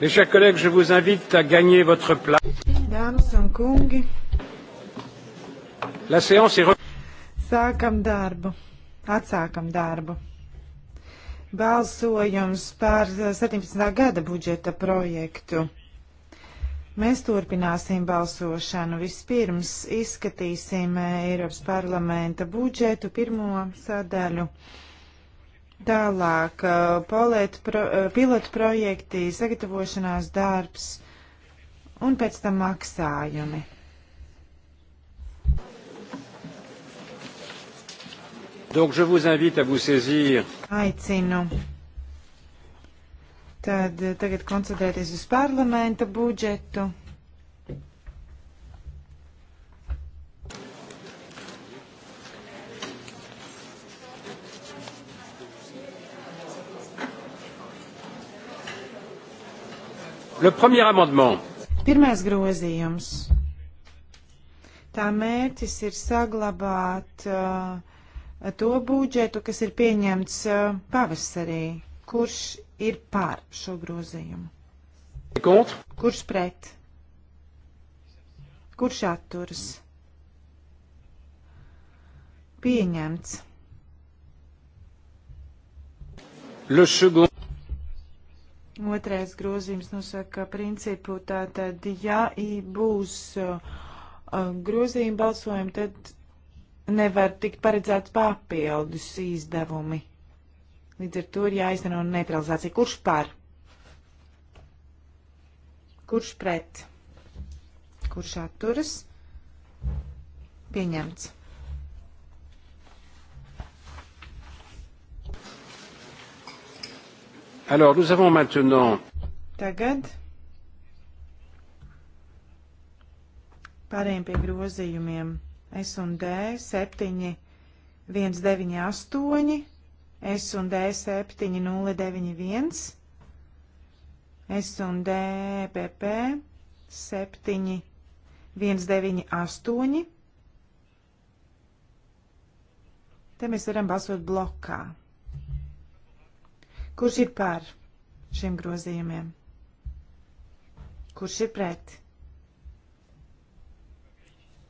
Mes chers collègues, je vous invite à gagner votre place. La séance est Sākam darbu. Atsākam darbu. Balsojums par 17. gada budžeta projektu. Mēs turpināsim balsošanu. Vispirms izskatīsim Eiropas parlamenta budžetu pirmo sadaļu. Tālāk, uh, polēt, pro, uh, pilotu projekti, sagatavošanās darbs un pēc tam maksājumi. Donc je vous invite à vous saisir. Aicinu. Tad tagad koncentrēties uz parlamenta budžetu. Le premier amendement. Pirmais grozījums. Tā mērķis ir saglabāt uh, to budžetu, kas ir pieņemts uh, pavasarī. Kurš ir pār šo grozījumu? Contre. Kurš pret? Kurš atturas? Pieņemts. Le second. Otrais grozījums nosaka principu, tātad, ja būs uh, grozījuma balsojumi, tad nevar tikt paredzēts papildus izdevumi. Līdz ar to ir jāizteno neutralizācija. Kurš par? Kurš pret? Kurš atturas? Pieņemts. Alors, nous avons maintenant. Tagad pārējiem pie grozījumiem. S un D 7, 1, 9, 8, S un D 7, 0, 9, 1, S un D PP 7, 1, 9, 8. Te mēs varam balsot blokā. Kurš ir pār šiem grozījumiem? Kurš ir pret?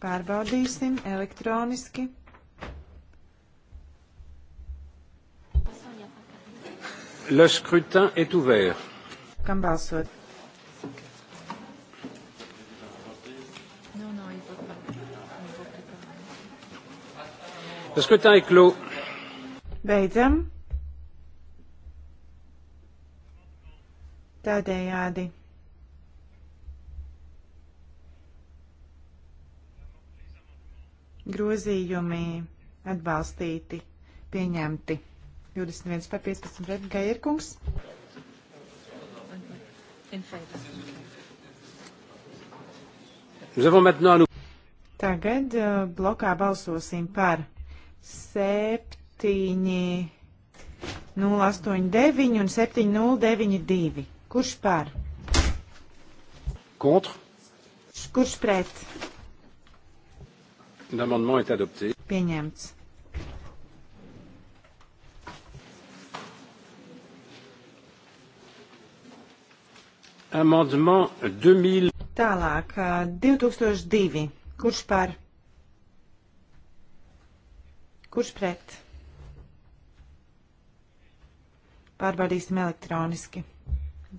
Pārbaudīsim elektroniski. Le scrutin est ouvert. Kam balsot? Le scrutin est clos. Beidzam. Tādējādi. Grozījumi atbalstīti, pieņemti. 21 par 15 pret Gairkungs. Tagad uh, blokā balsosim par 7, 089 un 7092. Kurš pār? Contre. Kurš pret? L'amendement est adopté. Pieņemts. Amendement 2000. Tālāk, 2002. Kurš par? Kurš pret? Pārbaudīsim elektroniski.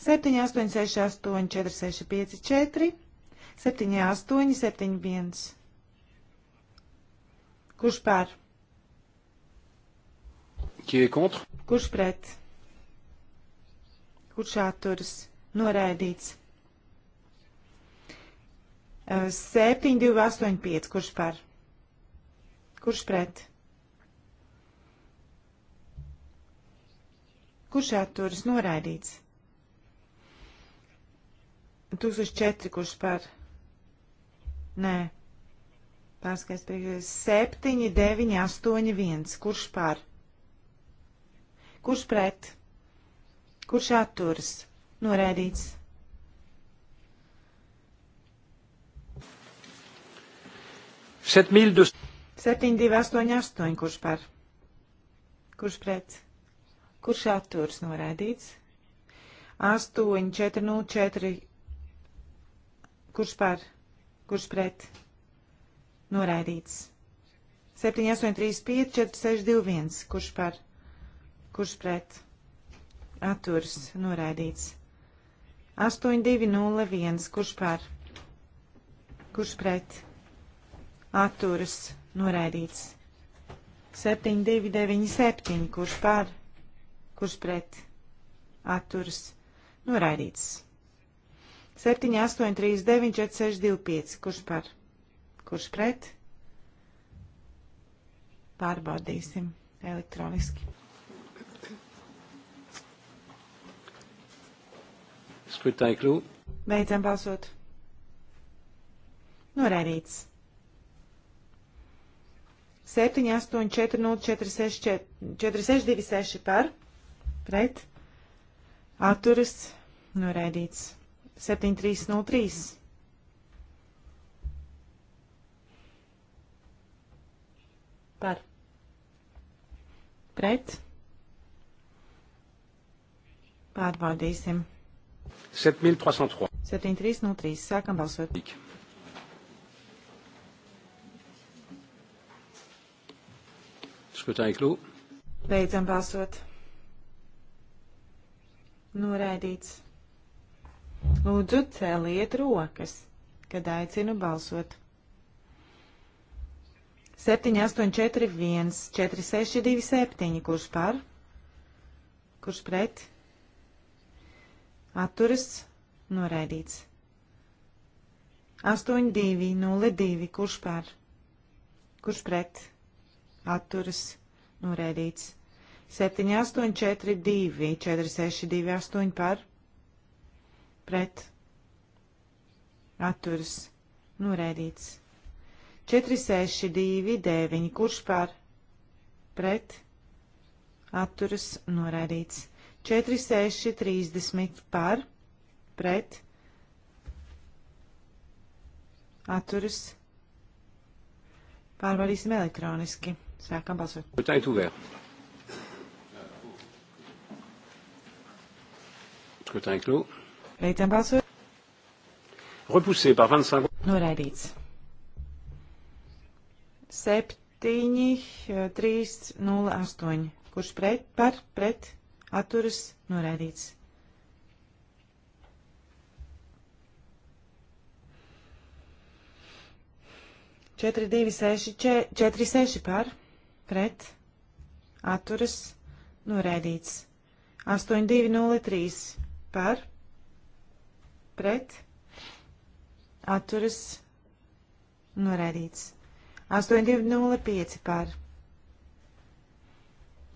7, 8, 6, 8, 4, 6, 5, 4, 7, 8, 7, 1. Kurš pār? Kurš pret? Kurš atturas? Noraidīts. 7, 2, 8, 5. Kurš par? Kurš pret? Kurš atturas? Noraidīts. 1004, kurš par? Nē. Pārskaits priekšējais. 7, 9, 8, 1. Kurš par? Kurš pret? Kurš atturas? Norēdīts. Septiņdivas. Septiņdivas, kurš par? Kurš pret? Kurš atturs norēdīts? 8404 Kurš par? Kurš pret? Noraidīts. 7, 8, 3, 5, 4, 6, 2, 1. Kurš par? Kurš pret? Atturs. Noraidīts. 8, 2, 0, 1. Kurš par? Kurš pret? Atturs. Noraidīts. 7, 2, 9, 7. Kurš par? Kurš pret? Atturs. Noraidīts. 7, 8, 3, 9, 4, 6, 2, 5. Kurš par? Kurš pret? Pārbaudīsim elektroniski. Skatāj klū. Beidzam balsot. Norēdīts. 7, 8, 4, 0, 4, 6, 4, 4 6, 2, 6 par. Pret. Atturas. Norēdīts. 7303. Par. Pret. Pārbaudīsim. 7303. 7303. Sākam balsot. Skatāj, klūp. Beidzam balsot. Noraidīts. Lūdzu, celiet rokas, kad aicinu balsot. 7, 8, 4, 1, 4, 6, 2, 7. Kurš par? Kurš pret? Atturas noraidīts. 8, 2, 0, 2. Kurš par? Kurš pret? Atturas noraidīts. 7, 8, 4, 2, 4, 6, 2, 8 par? pret, atturas, noraidīts. 462, 9, kurš par, pret, atturas, noraidīts. 46, 30 par, pret, atturas. Pārvarīsim elektroniski. Sākam balsot. Tā ir tuvē. Skatāj, klūp. Beidzam balsot. Repoussé par 25. Noraidīts. 7, 3, 0, 8. Kurš pret, par, pret, atturas, noraidīts. Četri, divi, seši, četri, seši par, pret, atturas, noraidīts. Astoņi, divi, nulli, trīs par, pret pret atturas norādīts. 8205 par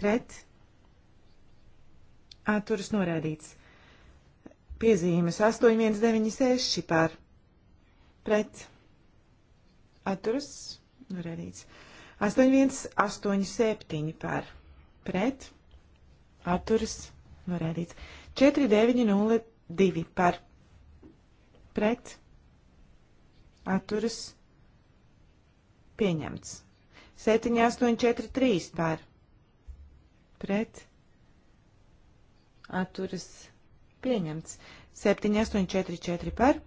pret atturas norādīts. Piezīmes 8196 par pret atturas norādīts. 8187 par pret atturas norādīts. 4902 par pret pret atturas pieņemts. 7, 8, 4, 3 par pret atturas pieņemts. 7, 8, 4, 4 par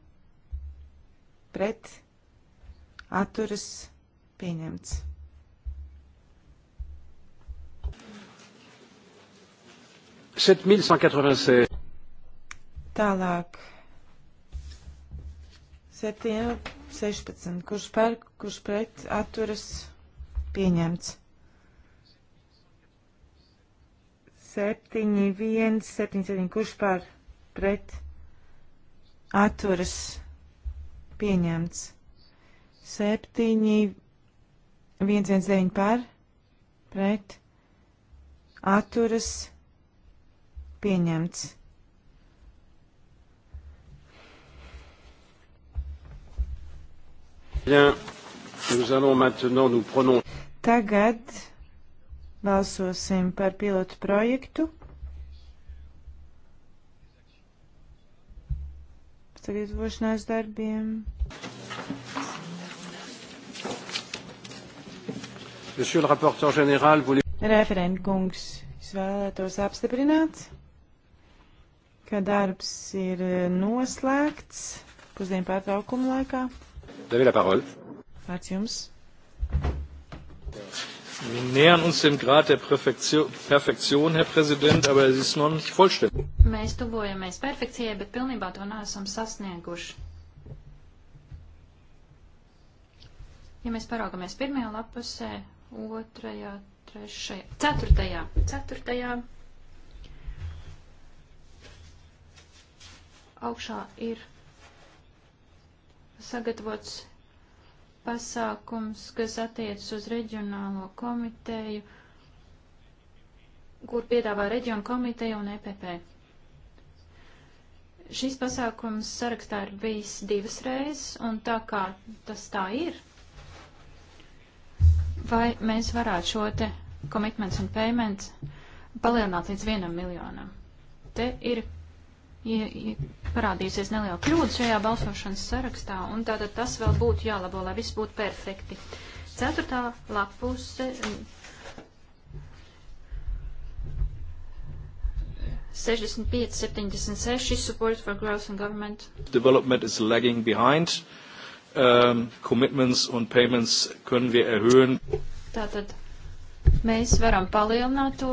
pret atturas pieņemts. Tālāk 7, 16. Kurš par, kurš pret atturas pieņemts? 7, 1, 7, 7. Kurš par, pret atturas pieņemts? 7, 1, 1, 9 par, pret atturas pieņemts? Bien, nous allons maintenant nous prononcer. Tagad balsosim par pilotu projektu. Sagatavošanās darbiem. Monsieur le rapporteur général, voulez... Referent kungs, es vēlētos apstiprināt, ka darbs ir noslēgts pusdienu pārtraukuma laikā. Vous avez la parole. Vārds jums. Wir nähern uns dem Grad der Perfektion, Herr Präsident, aber es ist noch nicht vollständig. Mēs tuvojamies perfekcijai, bet pilnībā to neesam sasnieguši. Ja mēs paraugamies pirmajā lapusē, otrajā, trešajā, ceturtajā, ceturtajā augšā ir sagatavots pasākums, kas attiecas uz reģionālo komiteju, kur piedāvā reģionu komiteja un EPP. Šis pasākums sarakstā ir bijis divas reizes, un tā kā tas tā ir, vai mēs varētu šo te commitments un payments palielināt līdz vienam miljonam? Te ir ja, ja parādījusies neliela kļūda šajā balsošanas sarakstā, un tātad tas vēl būtu jālabo, lai viss būtu perfekti. Ceturtā lapuse. Mm, sešdesmit pieci, septiņdesmit seši, support for growth and government. Development is lagging behind. Um, commitments un payments können wir erhöhen. Tātad mēs varam palielināt to,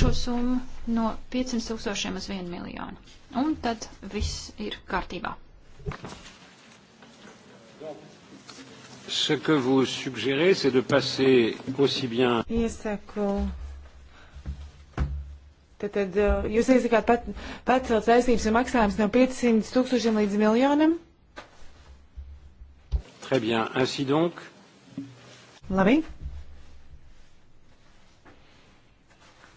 šo summu no 500 tūkstošiem uz 1 miljonu. Un tad viss ir kārtībā. Ce que vous suggérez, c'est de passer aussi bien. Iesaku. Tad, tad uh, jūs iesakāt pat, pacelt saistības un maksājumus no 500 tūkstošiem līdz miljonam? Très bien. Ainsi donc. Labi.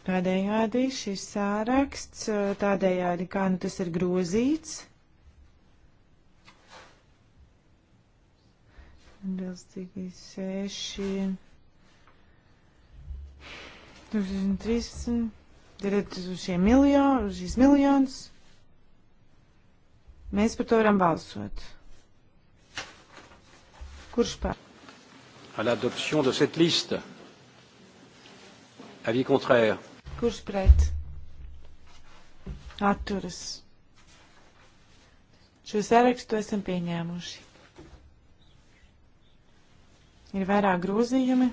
Tādējādi šis sāraksts, tādējādi kā nu tas ir grozīts, atbilstīgi seši, tur ir trīs, tad šie miljoni, šis miljons, mēs par to varam balsot. Kurš par? À l'adoption de cette liste. Avis contraire. Kurš pret? Atturas. Šo sarakstu esam pieņēmuši. Ir vairāk grozījumi.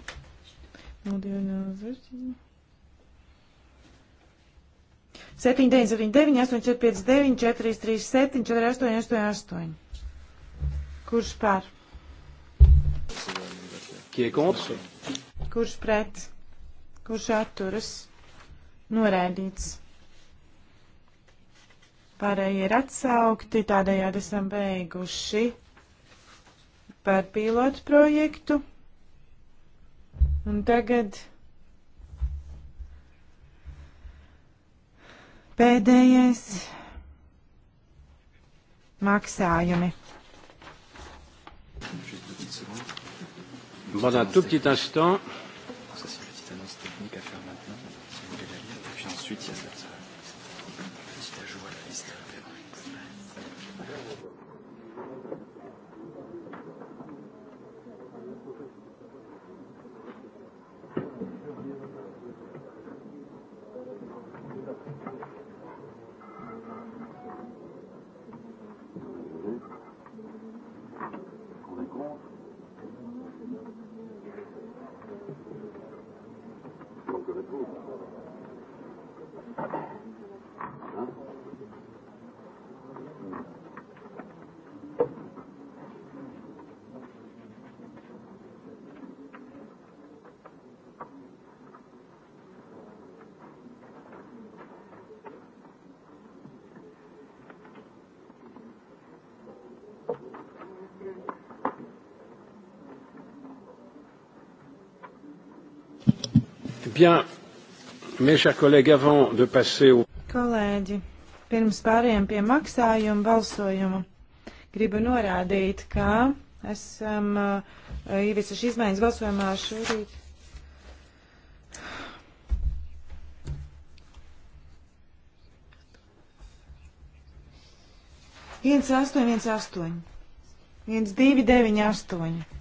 No 7, 9, 7, 9, 8, 4, 5, 9, 4, 3, 7, 4, 8, 8, 8. Kurš par? Kie contre? Kurš pret? Kurš atturas? noraidīts. Pārējie ir atsaukti, tādējādi esam beiguši par pilotu projektu. Un tagad pēdējais maksājumi. Pendant un tout petit instant, ensuite. Yes. Bien, mes chers collègues, avant de passer au... Kolēģi, pirms pāriem pie maksājuma balsojuma, gribu norādīt, ka esam uh, ieviesuši izmaiņas balsojumā šorīt. viens astoņi, viens astoņi, viens divi deviņi astoņi.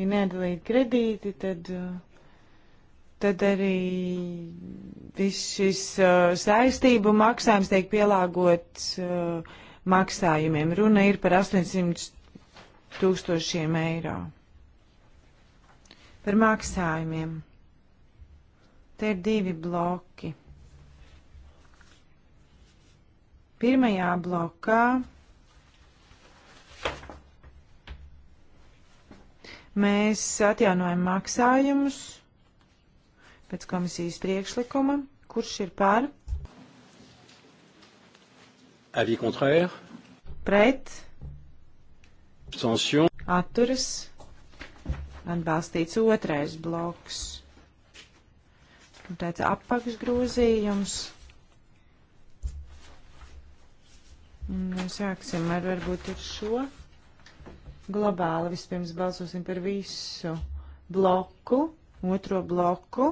ja neatdalīti kredīti, tad, tad arī viss šis uh, saistību maksājums tiek pielāgots uh, maksājumiem. Runa ir par 800 tūkstošiem eiro. Par maksājumiem. Te ir divi bloki. Pirmajā blokā Mēs atjaunojam maksājumus pēc komisijas priekšlikuma. Kurš ir pār? Avis contraire. Pret. Abstention. Atturas. Atbalstīts otrais bloks. Un tāds apakšgrozījums. Un nu, sāksim ar varbūt ar šo globāli. Vispirms balsosim par visu bloku, otro bloku.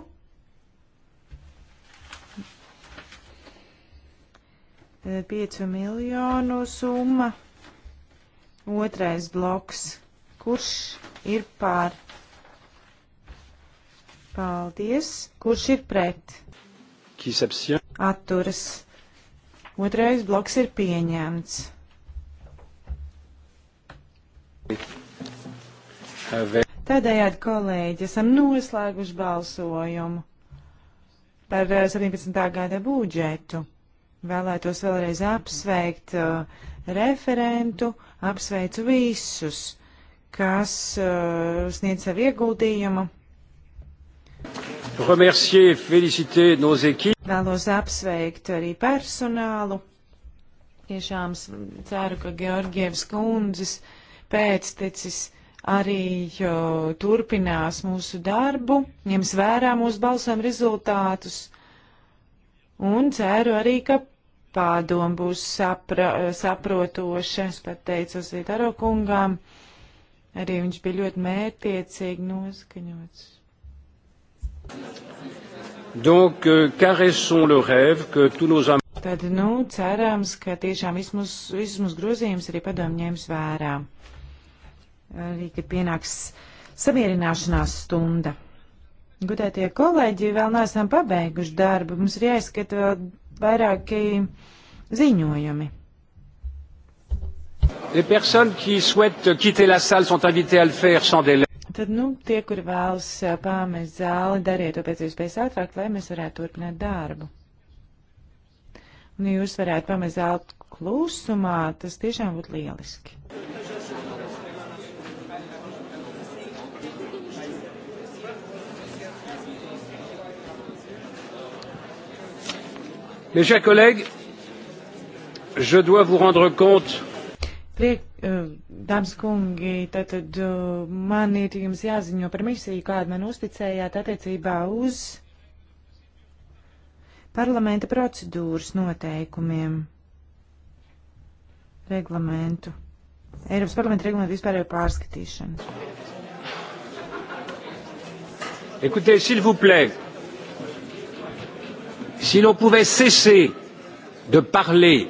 E, piecu miljonu summa. Otrais bloks. Kurš ir pār? Paldies. Kurš ir pret? Atturas. Otrais bloks ir pieņemts. Tādējādi, kolēģi, esam noslēguši balsojumu par 17. Eh, gada budžetu. Vēlētos vēlreiz apsveikt uh, referentu, apsveicu visus, kas uh, sniedz savu ieguldījumu. Remercier, féliciter nos équipes. Vēlos apsveikt arī personālu. Tiešām ceru, ka Georgievs kundzes uh, pēctecis arī jo, turpinās mūsu darbu, ņems vērā mūsu balsojuma rezultātus un ceru arī, ka pārdomu būs sapra, saprotoša. Es pat teicu uz Vidaro kungām, arī viņš bija ļoti mērtiecīgi noskaņots. Donc, euh, caressons le rêve que tous nos amis. Tad, nu, cerams, ka tiešām vismaz grozījums arī padomņēmis vērā arī, kad pienāks samierināšanās stunda. Gudētie kolēģi, vēl neesam pabeiguši darbu, mums ir jāizskata vēl vairāki ziņojumi. Les personnes qui souhaitent quitter la salle sont invitées à le faire sans délai. Tad, nu, tie, kur vēlas pāmest zāli, dariet to pēc iespējas ātrāk, lai mēs varētu turpināt darbu. Un, ja jūs varētu pamest zāli klusumā, tas tiešām būtu lieliski. Mes chers collègues, je dois vous rendre compte. Priek, eh, dāmas kungi, tātad eh, man ir jums jāziņo par misiju, kādu man uzticējāt attiecībā uz parlamenta procedūras noteikumiem, reglamentu, Eiropas parlamenta reglamentu vispārējo pārskatīšanu. Écoutez, s'il vous plaît, si l'on pouvait cesser de parler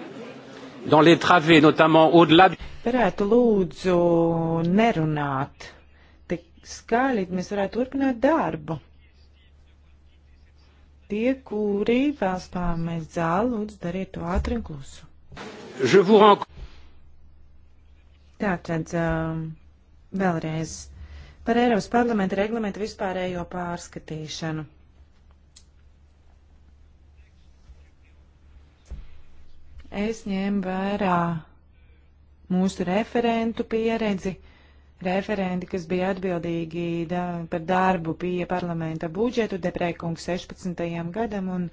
dans les travées, notamment au-delà. Varētu lūdzu nerunāt tik skaļi, mēs varētu turpināt darbu. Tie, kuri vēl spāmēs zāli, lūdzu dariet to ātri un klusu. Renk... Tātad um, vēlreiz par Eiropas parlamenta reglamentu vispārējo pārskatīšanu. es ņēmu vērā mūsu referentu pieredzi, referenti, kas bija atbildīgi da, par darbu pie parlamenta budžetu deprēkungs 16. gadam un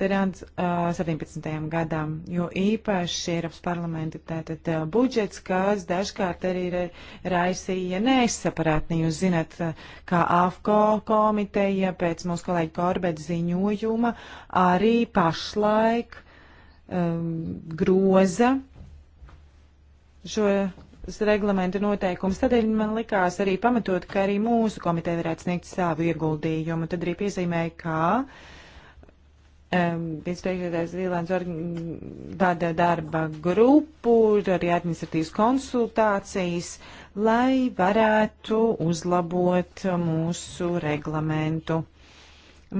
Terāns uh, 17. gadam, jo īpaši Eiropas parlamenta tātad uh, budžets, kas dažkārt arī ir raisīja nesapratni. Jūs zināt, kā AFCO komiteja pēc mūsu kolēģa Korbeta ziņojuma arī pašlaik um, groza šos reglamentu noteikumus. Tādēļ man likās arī pamatot, ka arī mūsu komiteja varētu sniegt savu ieguldījumu. Tad arī piezīmēja, kā um, vicepriekšēdājs Vīlēns vada darba grupu, arī administratīvas konsultācijas, lai varētu uzlabot mūsu reglamentu.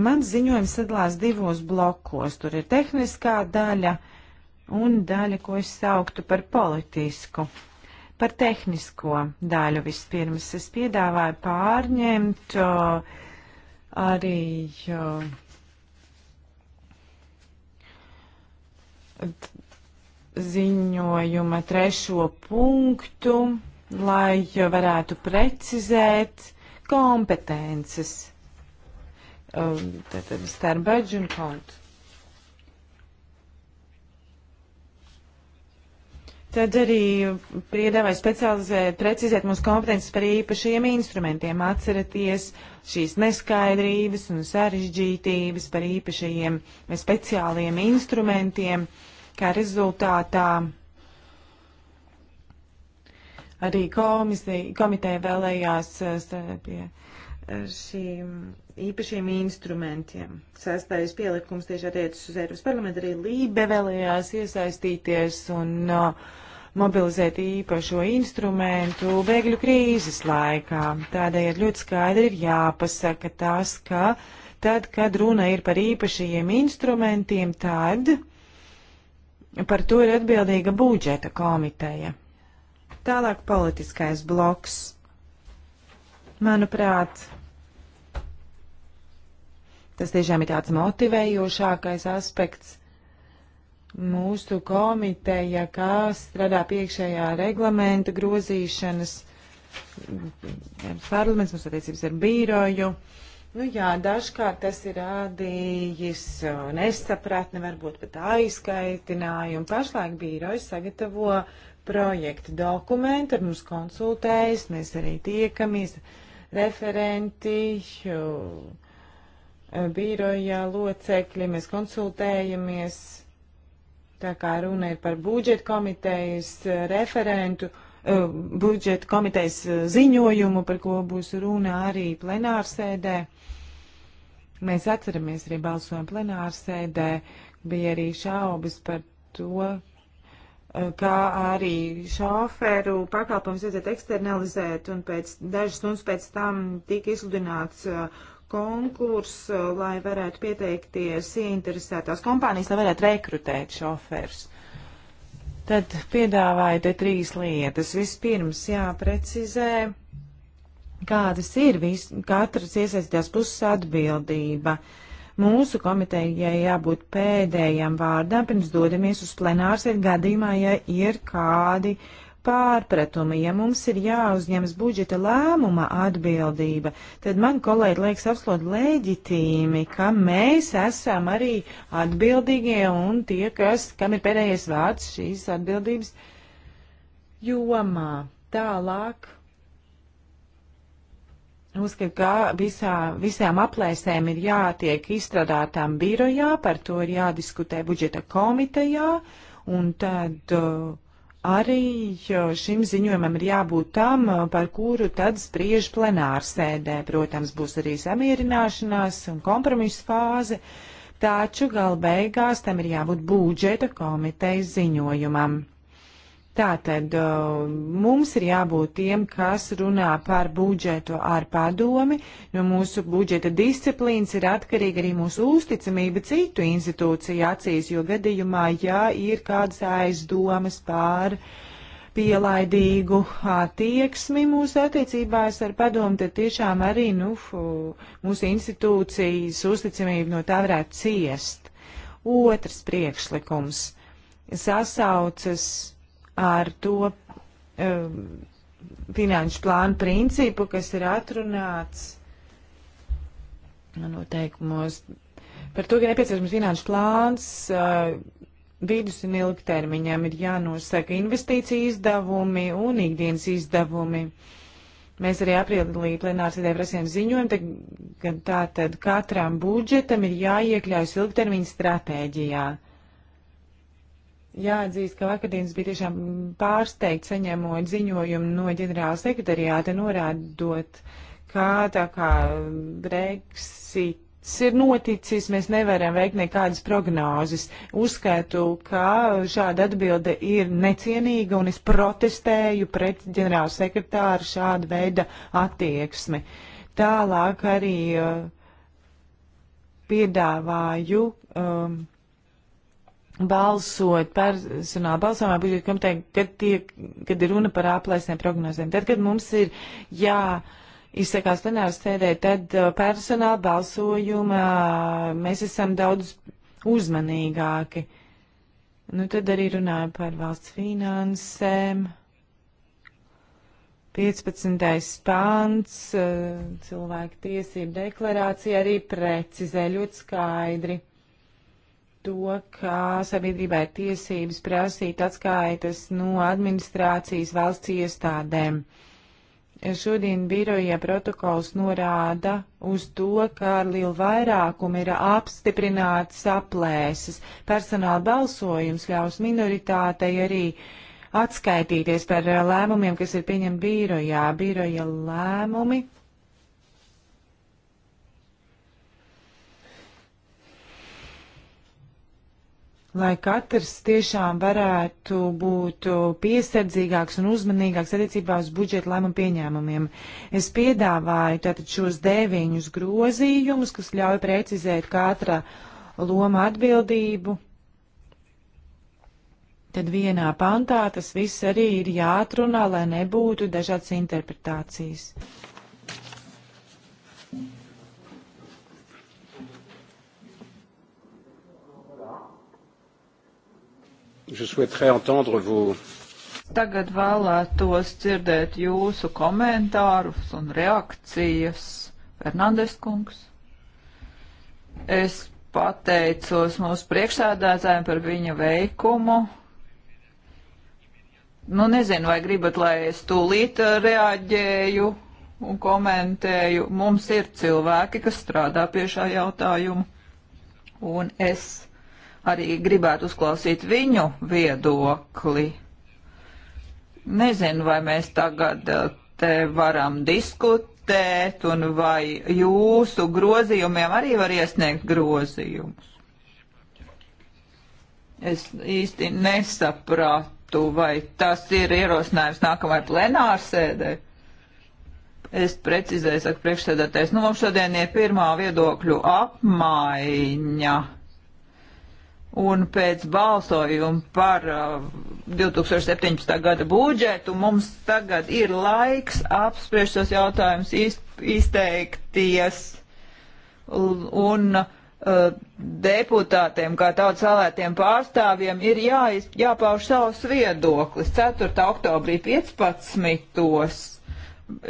Mans ziņojums sadalās divos blokos. Tur ir tehniskā daļa un daļa, ko es sauktu par politisku. Par tehnisko daļu vispirms es piedāvāju pārņemt o, arī o, ziņojuma trešo punktu, lai varētu precizēt kompetences Um, tātad starp budžu un kontu. Tad arī piedāvāja specializēt, precizēt mūsu kompetences par īpašiem instrumentiem. Atceraties šīs neskaidrības un sarežģītības par īpašajiem vai speciāliem instrumentiem, kā rezultātā arī komisija, komiteja vēlējās uh, pie. Uh, šīm īpašiem instrumentiem. Sastājas pielikums tieši attiecas uz Eiropas parlamentu, arī Lībe vēlējās iesaistīties un uh, mobilizēt īpašo instrumentu bēgļu krīzes laikā. Tādējādi ļoti skaidri ir jāpasaka tas, ka tad, kad runa ir par īpašajiem instrumentiem, tad par to ir atbildīga budžeta komiteja. Tālāk politiskais bloks. Manuprāt, tas tiešām ir tāds motivējošākais aspekts mūsu komiteja, kas strādā piekšējā reglamenta grozīšanas. Parlaments mums attiecības ar bīroju. Nu jā, dažkārt tas ir rādījis nesapratni, varbūt pat aizskaitinājumu. Pašlaik bīrojas sagatavo projektu dokumentu, ar mums konsultējas, mēs arī tiekamies. Uh, referenti, e, bīrojā locekļi, mēs konsultējamies. Tā kā runa ir par budžeta komitejas e, referentu, e, budžeta komitejas ziņojumu, par ko būs runa arī plenārsēdē. Mēs atceramies arī balsojumu plenārsēdē, bija arī šaubas par to, kā arī šoferu pakalpojums vajadzētu eksternalizēt, un pēc dažas stundas pēc tam tika izsludināts uh, konkurss, uh, lai varētu pieteikties ieinteresētās kompānijas, lai varētu rekrutēt šoferus. Tad piedāvāju te trīs lietas. Vispirms jāprecizē, kādas ir vis, katras iesaistītās puses atbildība. Uh, Mūsu komitejai jābūt pēdējām vārdām pirms dodamies uz plenārsēdi gadījumā, ja ir kādi pārpratumi. Ja mums ir jāuzņemas budžeta lēmuma atbildība, tad man kolēģi liekas absolūti leģitīmi, ka mēs esam arī atbildīgie un tie, kas, kam ir pēdējais vārds šīs atbildības jomā. Tālāk Uzskatu, ka visā, visām aplēsēm ir jātiek izstrādātām birojā, par to ir jādiskutē budžeta komitejā, un tad uh, arī uh, šim ziņojumam ir jābūt tam, uh, par kuru tad spriež plenārsēdē. Protams, būs arī samierināšanās un kompromisa fāze, taču gal beigās tam ir jābūt budžeta komitejas ziņojumam. Tātad mums ir jābūt tiem, kas runā par budžetu ar padomi, jo no mūsu budžeta disciplīnas ir atkarīga arī mūsu uzticamība citu institūciju acīs, jo gadījumā, ja ir kādas aizdomas pār pielaidīgu attieksmi mūsu attiecībās ar padomu, tad tiešām arī nu, mūsu institūcijas uzticamība no tā varētu ciest. Otrs priekšlikums sasaucas ar to um, finanšu plānu principu, kas ir atrunāts noteikumos. Par to, ka nepieciešams finanšu plāns uh, vidus un ilgtermiņam ir jānosaka investīcija izdevumi un ikdienas izdevumi. Mēs arī aprīlī plenārs idē prasījām ziņojumu, ka tātad katram budžetam ir jāiekļaujas ilgtermiņa stratēģijā. Uh, Jāatzīst, ka vakardienas bija tiešām pārsteigts saņemot ziņojumu no ģenerāla sekretariāta norādot, kā tā kā Brexits ir noticis, mēs nevaram veikt nekādas prognozes. Uzskatu, ka šāda atbilde ir necienīga un es protestēju pret ģenerāla sekretāru šādu veidu attieksmi. Tālāk arī uh, piedāvāju. Um, balsot personāla balsojumā, budžeta komiteja, kad, tiek, kad ir runa par aplēsniem prognozēm. Tad, kad mums ir jā. Izsakās plenāras sēdē, tad uh, personāla balsojumā uh, mēs esam daudz uzmanīgāki. Nu, tad arī runāju par valsts finansēm. 15. pāns uh, cilvēku tiesību deklarācija arī precizē ļoti skaidri to, ka sabiedrībā ir tiesības prasīt atskaitas no administrācijas valsts iestādēm. Šodien biroja protokols norāda uz to, ka ar lielu vairākumu ir apstiprināts saplēses. Personāla balsojums ļaus minoritātei arī atskaitīties par lēmumiem, kas ir pieņemti birojā. Biroja lēmumi lai katrs tiešām varētu būt piesardzīgāks un uzmanīgāks attiecībā uz budžeta lēmumu pieņēmumiem. Es piedāvāju tātad šos deviņus grozījumus, kas ļauj precizēt katra loma atbildību. Tad vienā pantā tas viss arī ir jāatrunā, lai nebūtu dažādas interpretācijas. Je souhaiterais entendre vos. Tagad vēlētos dzirdēt jūsu komentārus un reakcijas. Fernandes kungs. Es pateicos mūsu priekšsēdētājiem par viņa veikumu. Nu, nezinu, vai gribat, lai es tūlīt uh, reaģēju un komentēju. Mums ir cilvēki, kas strādā pie šā jautājuma, un es arī gribētu uzklausīt viņu viedokli. Nezinu, vai mēs tagad eh, te varam diskutēt, un vai jūsu grozījumiem arī var iesniegt grozījumus. Es īsti nesapratu, vai tas ir ierosinājums nākamajai plenārsēdē. Es precizēju, saka priekšsēdētājs, nu mums šodien ir pirmā viedokļu apmaiņa. Un pēc balsojuma par uh, 2017. gada budžetu mums tagad ir laiks apspriest šos jautājumus, iz, izteikties un uh, deputātiem, kā tautas vēlētiem pārstāvjiem, ir jā, jāpauž savs viedoklis. 4. oktobrī 15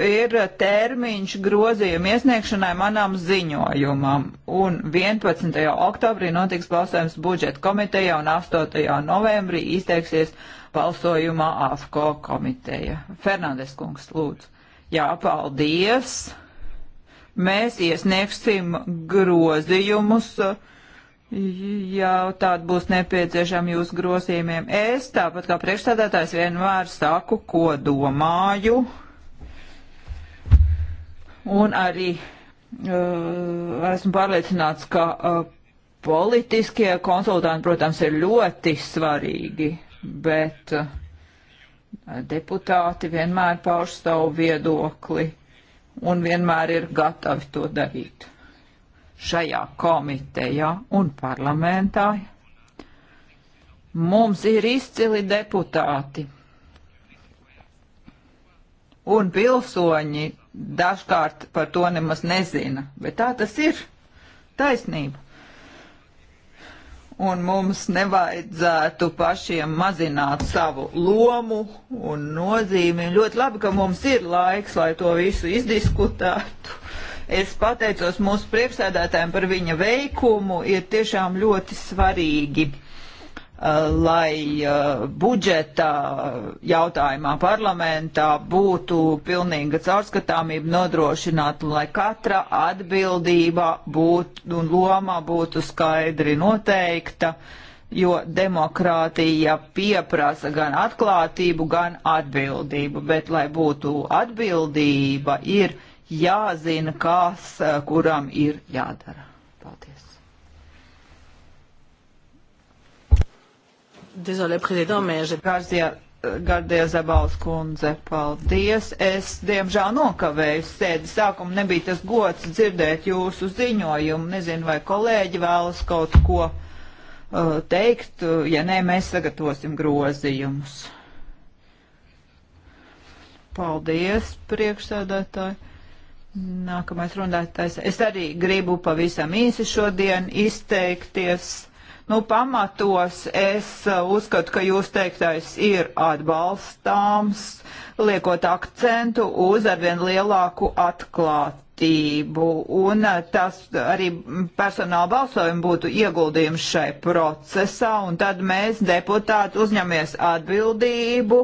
ir termiņš grozījuma iesniegšanai manam ziņojumam. Un 11. oktobrī notiks balsojums budžeta komiteja un 8. novembrī izteiksies balsojumā AFCO komiteja. Fernandes kungs, lūdzu. Jā, paldies. Mēs iesniegsim grozījumus. Uh, Jā, tāda būs nepieciešama jūsu grozījumiem. Es, tāpat kā priekšstādātājs, vienmēr saku, ko domāju un arī uh, esmu pārliecināts, ka uh, politiskie konsultanti, protams, ir ļoti svarīgi, bet uh, deputāti vienmēr pauž savu viedokli un vienmēr ir gatavi to darīt šajā komitejā un parlamentā. Mums ir izcili deputāti, un pilsoņi dažkārt par to nemaz nezina, bet tā tas ir taisnība. Un mums nevajadzētu pašiem mazināt savu lomu un nozīmi. Ļoti labi, ka mums ir laiks, lai to visu izdiskutētu. Es pateicos mūsu priekšsēdētājiem par viņa veikumu, ir tiešām ļoti svarīgi Eh, lai eh, budžeta jautājumā parlamentā būtu pilnīga caurskatāmība nodrošināta, lai katra atbildība būtu un loma būtu skaidri noteikta, jo demokrātija pieprasa gan atklātību, gan atbildību, bet lai būtu atbildība, ir jāzina, kas eh, kuram ir jādara. Paldies! Désolé, prezident, mais je... Garzija, Gardie Zabals kundze, paldies. Es, diemžēl, nokavēju sēdi. Sākumā nebija tas gods dzirdēt jūsu ziņojumu. Nezinu, vai kolēģi vēlas kaut ko uh, teikt. Ja nē, mēs sagatavosim grozījumus. Paldies, priekšsēdētāji. Nākamais runātājs. Es arī gribu pavisam īsi šodien izteikties Nu, pamatos es uh, uzskatu, ka jūs teiktais ir atbalstāms, liekot akcentu uz arvien lielāku atklātību. Un uh, tas arī personāla balsojumi būtu ieguldījums šai procesā, un tad mēs deputāti uzņemies atbildību,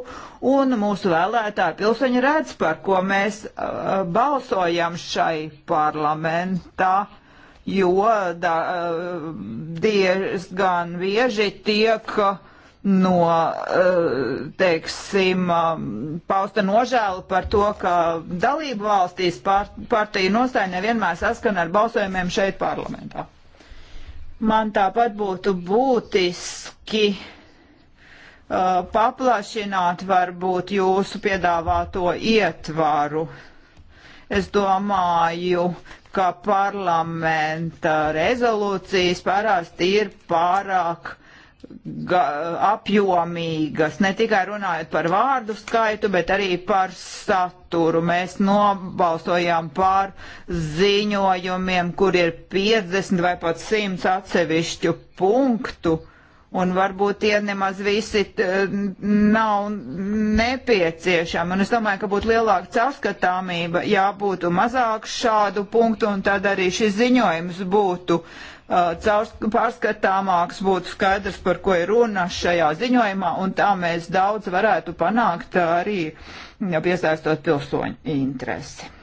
un mūsu vēlētāji pilsoņi redz, par ko mēs uh, balsojam šai parlamentā jo da, eh, diezgan bieži tiek no, eh, teiksim, eh, pausta nožēla par to, ka dalību valstīs partiju nostāja nevienmēr saskana ar balsojumiem šeit parlamentā. Man tāpat būtu būtiski uh, paplašināt varbūt jūsu piedāvāto ietvaru. Es domāju, ka parlamenta rezolūcijas parasti ir pārāk apjomīgas, ne tikai runājot par vārdu skaitu, bet arī par saturu. Mēs nobalsojām pār ziņojumiem, kur ir 50 vai pat 100 atsevišķu punktu, un varbūt tie nemaz visi nav nepieciešami. Un es domāju, ka būtu lielāka caurskatāmība, ja būtu mazāk šādu punktu, un tad arī šis ziņojums būtu uh, caurs, pārskatāmāks, būtu skaidrs, par ko ir runa šajā ziņojumā, un tā mēs daudz varētu panākt arī ja piesaistot pilsoņu interesi.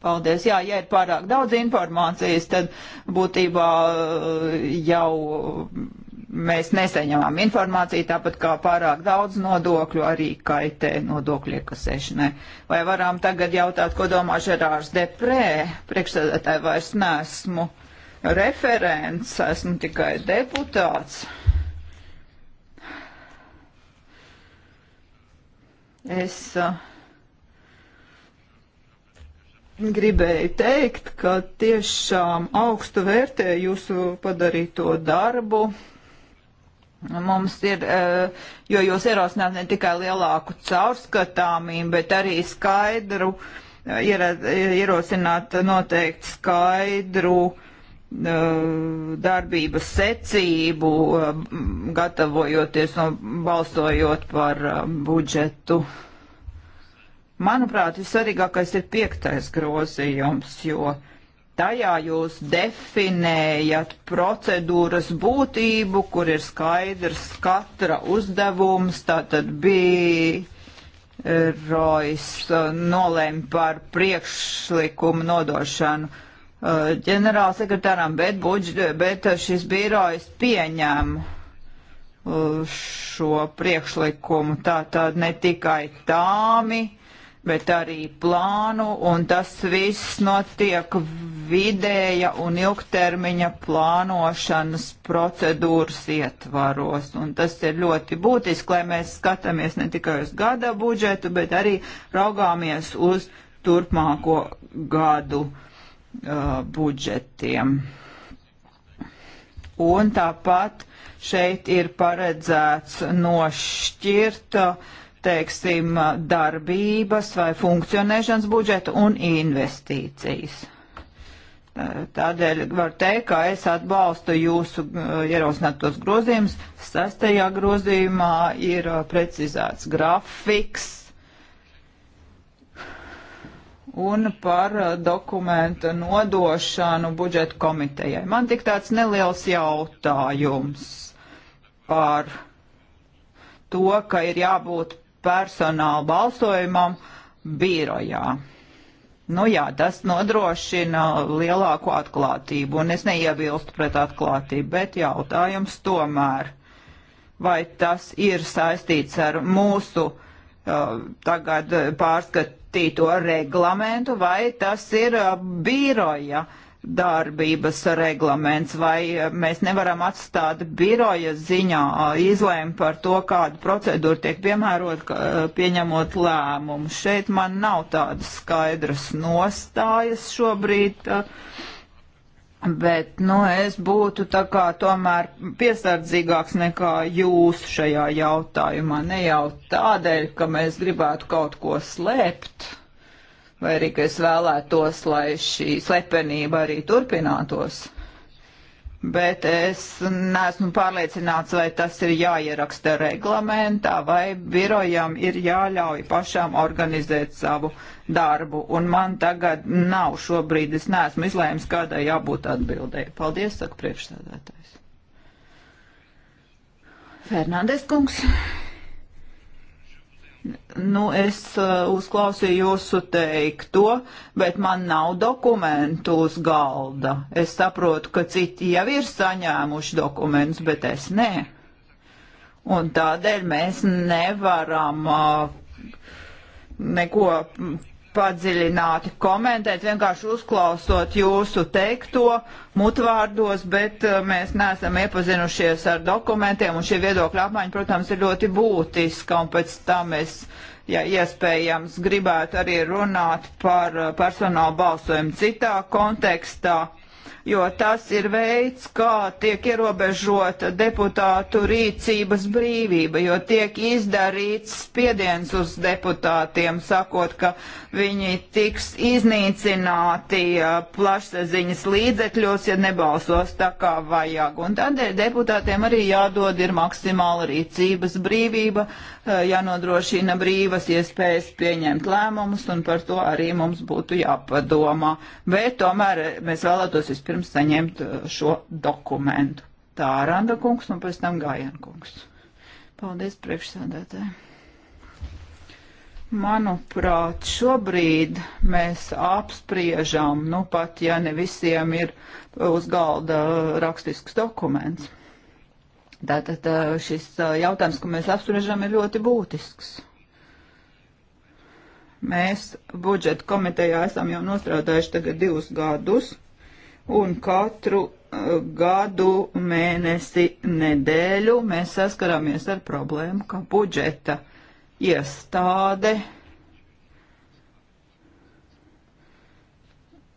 Paldies. Jā, ja ir pārāk daudz informācijas, tad būtībā uh, jau mēs nesaņemam informāciju, tāpat kā pārāk daudz nodokļu arī kaitē nodokļu iekasēšanai. Vai varam tagad jautāt, ko domā Žerārs Deprē? Priekšsēdētāji vairs nesmu referents, esmu tikai deputāts. Es uh, gribēju teikt, ka tiešām augstu vērtē jūsu padarīto darbu. Mums ir, eh, jo jūs ierosināt ne tikai lielāku caurskatāmību, bet arī skaidru, eh, ierosināt noteikti skaidru eh, darbības secību, gatavojoties un balsojot par budžetu. Manuprāt, vissvarīgākais ir piektais grozījums, jo tajā jūs definējat procedūras būtību, kur ir skaidrs katra uzdevums, tātad bija Rojas uh, nolēma par priekšlikumu nodošanu uh, ģenerālsekretāram, bet, budž, bet šis birojas pieņem uh, šo priekšlikumu. Tātad ne tikai tāmi bet arī plānu, un tas viss notiek vidēja un ilgtermiņa plānošanas procedūras ietvaros. Un tas ir ļoti būtiski, lai mēs skatāmies ne tikai uz gada budžetu, bet arī raugāmies uz turpmāko gadu uh, budžetiem. Un tāpat šeit ir paredzēts nošķirta uh, teiksim, darbības vai funkcionēšanas budžetu un investīcijas. Tādēļ var teikt, ka es atbalstu jūsu ierosinātos grozījumus. Sastajā grozījumā ir precizēts grafiks un par dokumenta nodošanu budžetu komitejai. Man tik tāds neliels jautājums par to, ka ir jābūt personāla balsojumam birojā. Nu jā, tas nodrošina lielāku atklātību, un es neiebilstu pret atklātību, bet jautājums tomēr, vai tas ir saistīts ar mūsu uh, tagad pārskatīto reglamentu, vai tas ir uh, biroja uh, darbības reglaments, vai eh, mēs nevaram atstāt biroja ziņā izlēmu par to, kādu procedūru tiek piemērot, eh, pieņemot lēmumu. Šeit man nav tādas skaidras nostājas šobrīd. Bet, nu, es būtu tā kā tomēr piesardzīgāks nekā jūs šajā jautājumā. Ne jau tādēļ, ka mēs gribētu kaut ko slēpt, vai arī, ka es vēlētos, lai šī slepenība arī turpinātos. Bet es neesmu pārliecināts, vai tas ir jāieraksta reglamentā, vai birojam ir jāļauj pašām organizēt savu darbu. Un man tagad nav šobrīd, es neesmu izlēmis, kādai jābūt atbildēji. Paldies, saka priekšsēdētājs. Fernandes kungs. Nu, es uh, uzklausīju jūsu teikto, bet man nav dokumentu uz galda. Es saprotu, ka citi jau ir saņēmuši dokumentus, bet es nē. Un tādēļ mēs nevaram uh, neko padziļināti komentēt, vienkārši uzklausot jūsu teikto mutvārdos, bet eh, mēs neesam iepazinušies ar dokumentiem, un šī viedokļa apmaiņa, protams, ir ļoti būtiska, un pēc tam es, ja iespējams, gribētu arī runāt par eh, personāla balsojumu citā kontekstā jo tas ir veids, kā tiek ierobežota deputātu rīcības brīvība, jo tiek izdarīts spiediens uz deputātiem, sakot, ka viņi tiks iznīcināti uh, plašsaziņas līdzekļos, ja nebalsos tā kā vajag. Un tādēļ deputātiem arī jādod ir maksimāla rīcības brīvība, uh, jānodrošina brīvas iespējas pieņemt lēmumus, un par to arī mums būtu jāpadomā. Bet tomēr mēs vēlētos vispirms pirms saņemt uh, šo dokumentu. Tā Randa kungs un pēc tam Gājana kungs. Paldies priekšsēdētāji. Manuprāt, šobrīd mēs apspriežam, nu pat ja ne visiem ir uz galda rakstisks dokuments. Tātad uh, šis uh, jautājums, ko mēs apspriežam, ir ļoti būtisks. Mēs budžeta komitejā esam jau nostrādājuši tagad divus gadus un katru eh, gadu, mēnesi, nedēļu mēs saskaramies ar problēmu, ka budžeta iestāde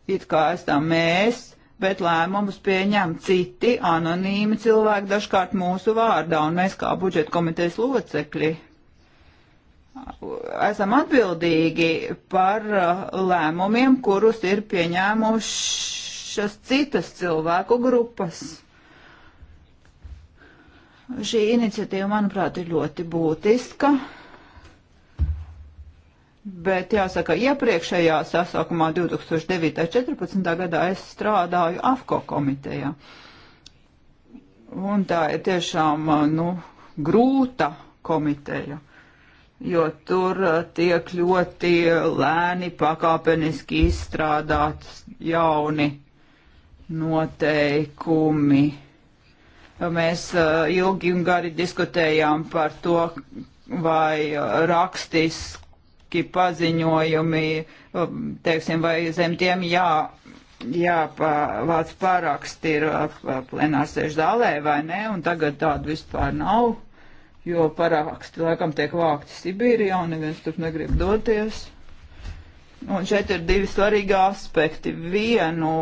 it kā esam mēs, bet lēmumus pieņem citi anonīmi cilvēki dažkārt mūsu vārdā, un mēs kā budžeta komitejas locekļi esam atbildīgi par eh, lēmumiem, kurus ir pieņēmuši atsevišķas citas cilvēku grupas. Šī iniciatīva, manuprāt, ir ļoti būtiska. Bet jāsaka, iepriekšējā sasaukumā 2009.14. gadā es strādāju AFCO komitejā. Un tā ir tiešām, nu, grūta komiteja, jo tur uh, tiek ļoti lēni pakāpeniski izstrādāt jauni noteikumi. Mēs uh, ilgi un gari diskutējām par to, vai uh, rakstiski paziņojumi, uh, teiksim, vai zem tiem jā, jāpavāc pāraksti ir plenārsēžu zālē vai nē, un tagad tādu vispār nav, jo pāraksti laikam tiek vākti Sibīrijā un neviens tur negrib doties. Un šeit ir divi svarīgi aspekti. Vienu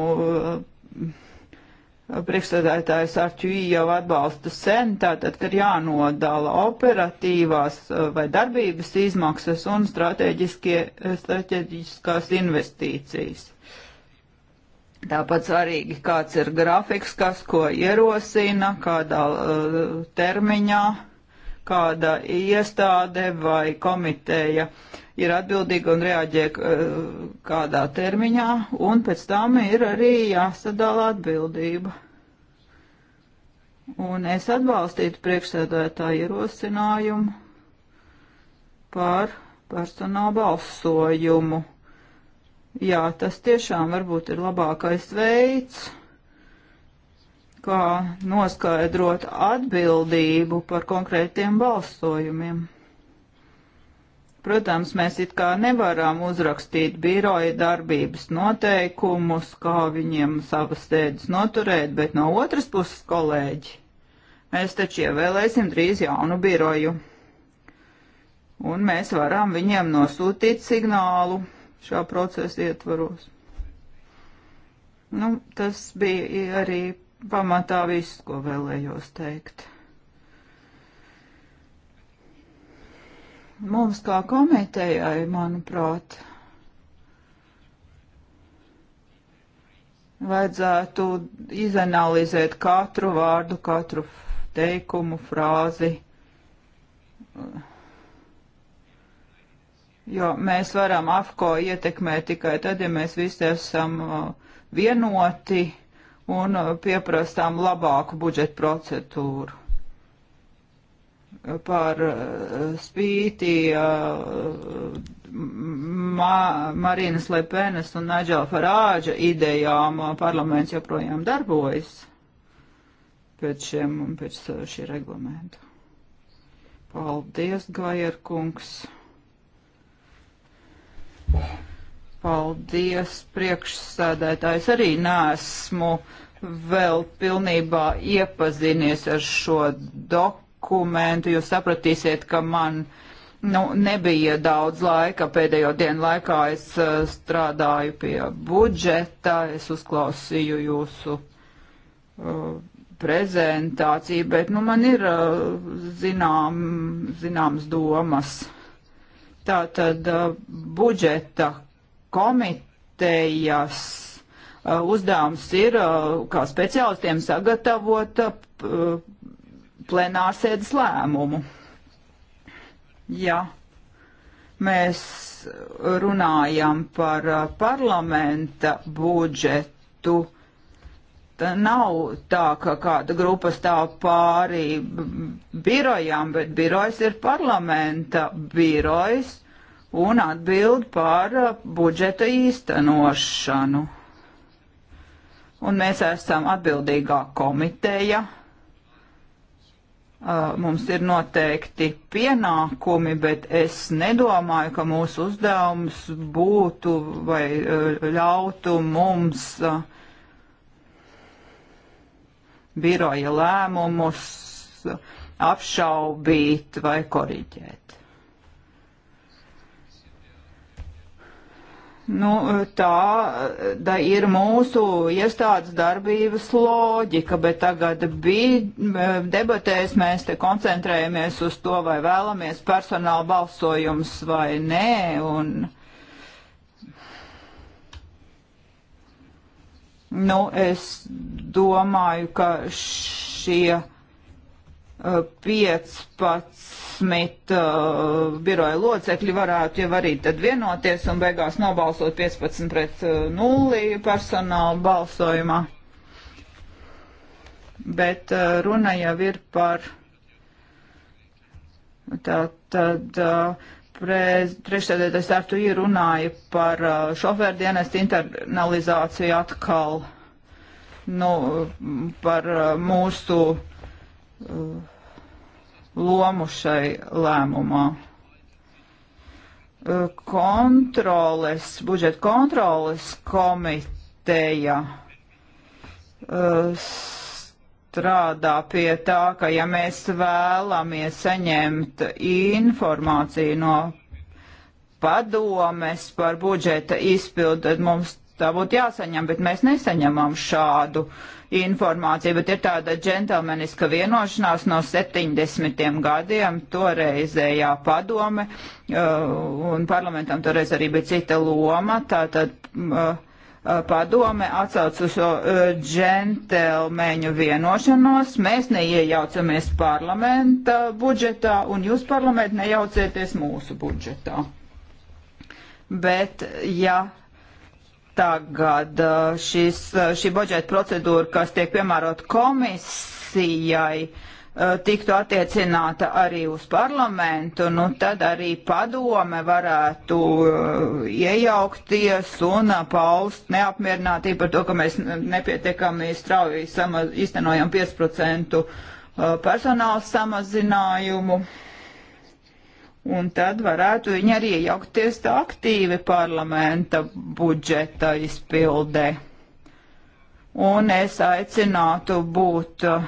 priekšsēdētājs Arčūī jau atbalsta sen, tātad, kad jānodala operatīvās eh, vai darbības izmaksas un eh, strateģiskās investīcijas. Tāpat svarīgi, kāds ir grafiks, kas ko ierosina, kādā uh, termiņā, kāda iestāde vai komiteja uh, ir atbildīga un reaģē e, kādā termiņā, un pēc tam ir arī jāsadala atbildība. Un es atbalstītu priekšsēdētāju ierosinājumu par personāla balsojumu. Jā, tas tiešām varbūt ir labākais veids, kā noskaidrot atbildību par konkrētiem balsojumiem. Protams, mēs it kā nevaram uzrakstīt biroja darbības noteikumus, kā viņiem savas sēdes noturēt, bet no otras puses, kolēģi, mēs taču ievēlēsim drīz jaunu biroju. Un mēs varam viņiem nosūtīt signālu šā procesa ietvaros. Nu, tas bija arī pamatā viss, ko vēlējos teikt. mums kā komitejai, manuprāt, vajadzētu izanalizēt katru vārdu, katru teikumu, frāzi. Jo mēs varam AFCO ietekmēt tikai tad, ja mēs visi esam uh, vienoti un uh, pieprastām labāku budžetu procedūru par eh, spīti eh, Ma Marinas Lepenes un Naģela Farāģa idejām eh, parlaments joprojām darbojas pēc, šiem, pēc šī reglamenta. Paldies, Gajerkungs. Paldies, priekšsēdētājs. Arī nesmu vēl pilnībā iepazinies ar šo dokumentu dokumentu, jūs sapratīsiet, ka man nu, nebija daudz laika. Pēdējo dienu laikā es uh, strādāju pie budžeta, es uzklausīju jūsu uh, prezentāciju, bet nu, man ir uh, zinām, zināmas domas. Tātad budžeta komitejas uzdevums ir kā speciālistiem sagatavot plenārsēdes lēmumu. Ja mēs runājam par uh, parlamenta budžetu, nav tā, ka kāda grupa stāv pāri birojām, bet birojs ir parlamenta birojs un atbild par uh, budžeta īstenošanu. Un mēs esam atbildīgā komiteja mums ir noteikti pienākumi, bet es nedomāju, ka mūsu uzdevums būtu vai ļautu mums biroja lēmumus apšaubīt vai koriģēt. Nu, tā da ir mūsu iestādes darbības loģika, bet tagad bija e, debatēs, mēs te koncentrējamies uz to, vai vēlamies personāla balsojums vai nē. Un, nu, es domāju, ka šie 15 e, 15 uh, biroja locekļi varētu jau arī tad vienoties un beigās nobalsot 15 pret 0 uh, personāla balsojumā. Bet uh, runa jau ir par tā tad. Uh, priekšsēdētājs Artu ierunāja par uh, šoferu dienestu internalizāciju atkal nu, par uh, mūsu uh, lomu šai lēmumā. Uh, kontroles, budžeta kontroles komiteja uh, strādā pie tā, ka ja mēs vēlamies saņemt informāciju no padomes par budžeta izpildu, tad mums tā būtu jāsaņem, bet mēs nesaņemam šādu informāciju, bet ir tāda džentelmeniska vienošanās no 70. gadiem, toreizējā padome, uh, un parlamentam toreiz arī bija cita loma, tātad uh, uh, padome atsauc uz šo džentelmeņu vienošanos, mēs neiejaucamies parlamenta budžetā, un jūs parlamenti nejaucieties mūsu budžetā. Bet, ja tagad uh, šis, uh, šī budžeta procedūra, kas tiek piemērot komisijai, uh, tiktu attiecināta arī uz parlamentu, nu tad arī padome varētu iejaukties un paust neapmierinātību par to, ka mēs nepietiekami strauji iztenojam 5% personāla samazinājumu. Uh, un tad varētu viņi arī iejaukties aktīvi parlamenta budžeta izpildē. Un es aicinātu būt uh,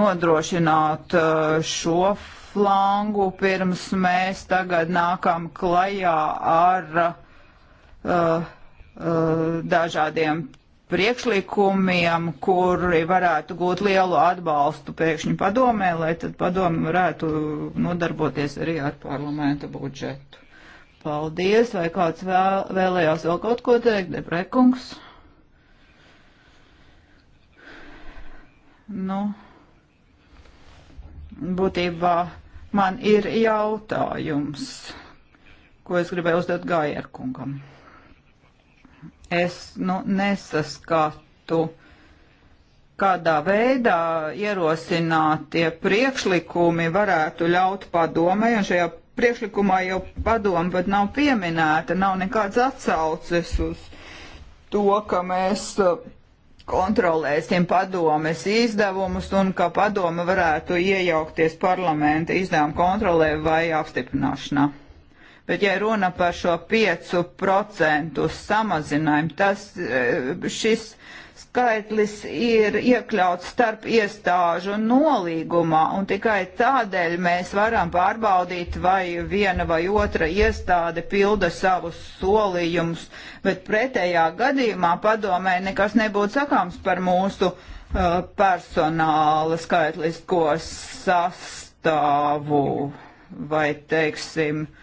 nodrošināt uh, šo flangu, pirms mēs tagad nākam klajā ar uh, uh, dažādiem priekšlikumiem, kuri varētu gūt lielu atbalstu pēkšņi padomē, lai tad padomi varētu nodarboties arī ar parlamenta budžetu. Paldies, vai kāds vēl, vēlējās vēl kaut ko teikt, deprekungs? Nu, būtībā man ir jautājums, ko es gribēju uzdot Gājerkungam es nu, nesaskatu, kādā veidā ierosinātie priekšlikumi varētu ļaut padomai, un šajā priekšlikumā jau padoma pat nav pieminēta, nav nekāds atsauces uz to, ka mēs uh, kontrolēsim padomes izdevumus un ka padome varētu iejaukties parlamenta izdevumu kontrolē vai apstiprināšanā. Bet, ja runa par šo 5% samazinājumu, tas e, šis skaitlis ir iekļauts starp iestāžu nolīgumā, un tikai tādēļ mēs varam pārbaudīt, vai viena vai otra iestāde pilda savus solījumus, bet pretējā gadījumā padomē nekas nebūtu sakāms par mūsu uh, personāla skaitlisko sastāvu vai, teiksim, uh,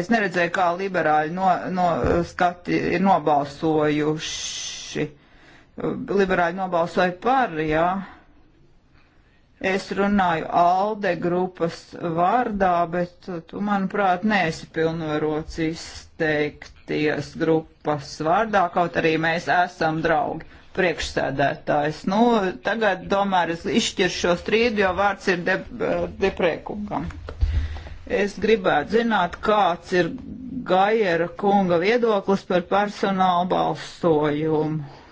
Es neredzēju, kā liberāļi no, no skati ir nobalsojuši. Liberāļi nobalsoja par, jā. Es runāju ALDE grupas vārdā, bet tu, manuprāt, neesi pilnvarots izteikties grupas vārdā, kaut arī mēs esam draugi priekšsēdētājs. Nu, tagad, domāju, es izšķiršu šo strīdu, jo vārds ir de, eh, deprēkungam. De Es gribētu zināt, kāds ir Gaiera kunga viedoklis par personālu balsojumu.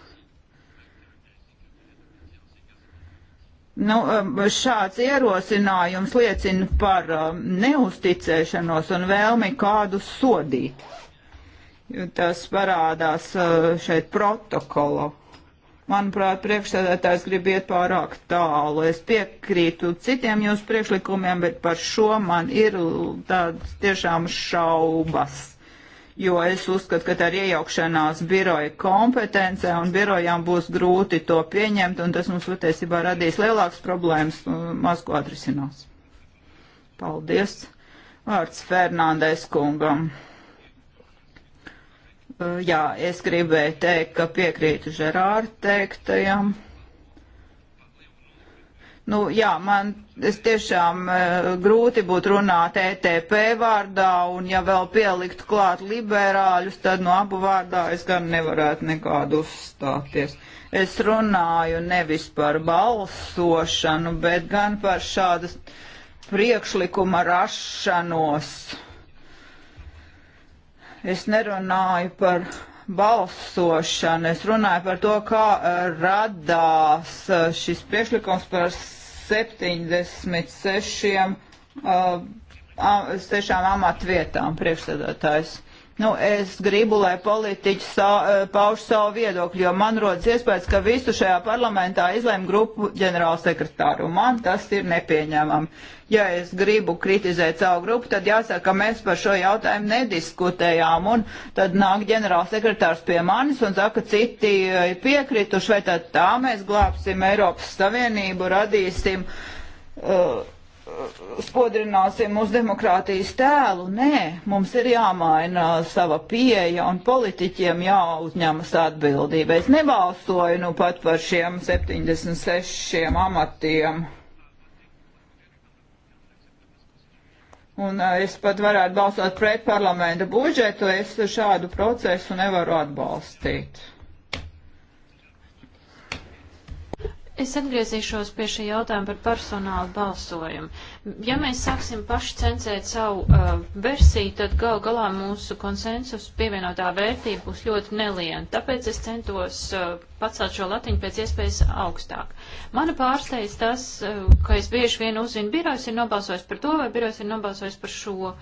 Nu, um, šāds ierosinājums liecina par um, neusticēšanos un vēlmi kādu sodīt. Tas parādās uh, šeit protokolā. Manuprāt, priekšsēdētājs grib iet pārāk tālu. Es piekrītu citiem jūsu priekšlikumiem, bet par šo man ir tāds tiešām šaubas jo es uzskatu, ka tā ir iejaukšanās biroja kompetencē un birojām būs grūti to pieņemt, un tas mums patiesībā radīs lielākas problēmas un maz ko atrisinās. Paldies! Vārds Fernandes kungam. Eh, jā, es gribēju teikt, ka piekrītu Žerāra teiktajam. Nu, jā, man tiešām uh, grūti būtu runāt ETP vārdā, un ja vēl pieliktu klāt liberāļus, tad no abu vārdā es gan nevarētu nekādu uzstāties. Es runāju nevis par balsošanu, bet gan par šādas priekšlikuma rašanos. Uh, es nerunāju par balsošanu, es runāju par to, kā radās uh, šis priekšlikums par 76 uh, sešām amatvietām priekšsēdētājs. Nu, es gribu, lai politiķi sa, eh, pauž savu viedokļu, jo man rodas iespējas, ka visu šajā parlamentā izlēma grupu ģenerālsekretāru. Man tas ir nepieņemami. Ja es gribu kritizēt savu grupu, tad jāsaka, ka mēs par šo jautājumu nediskutējām, un tad nāk ģenerālsekretārs pie manis un saka, citi eh, ir piekrituši, vai tad tā mēs glābsim Eiropas Savienību, radīsim. Uh, spodrināsim uz demokrātijas tēlu. Nē, mums ir jāmaina sava pieeja un politiķiem jāuzņemas atbildība. Es nebalsoju nu pat par šiem 76 amatiem. Un eh, es pat varētu balsot pret parlamenta budžetu, es šādu procesu nevaru atbalstīt. Es atgriezīšos pie šī jautājuma par personālu balsojumu. Ja mēs sāksim paši censēt savu uh, versiju, tad gal galā mūsu konsensus pievienotā vērtība būs ļoti neliena. Tāpēc es centos uh, pacelt šo latiņu pēc iespējas augstāk. Mana pārsteidz tas, uh, ka es bieži vien uzzinu, birojs ir nobalsojis par to vai birojs ir nobalsojis par šo.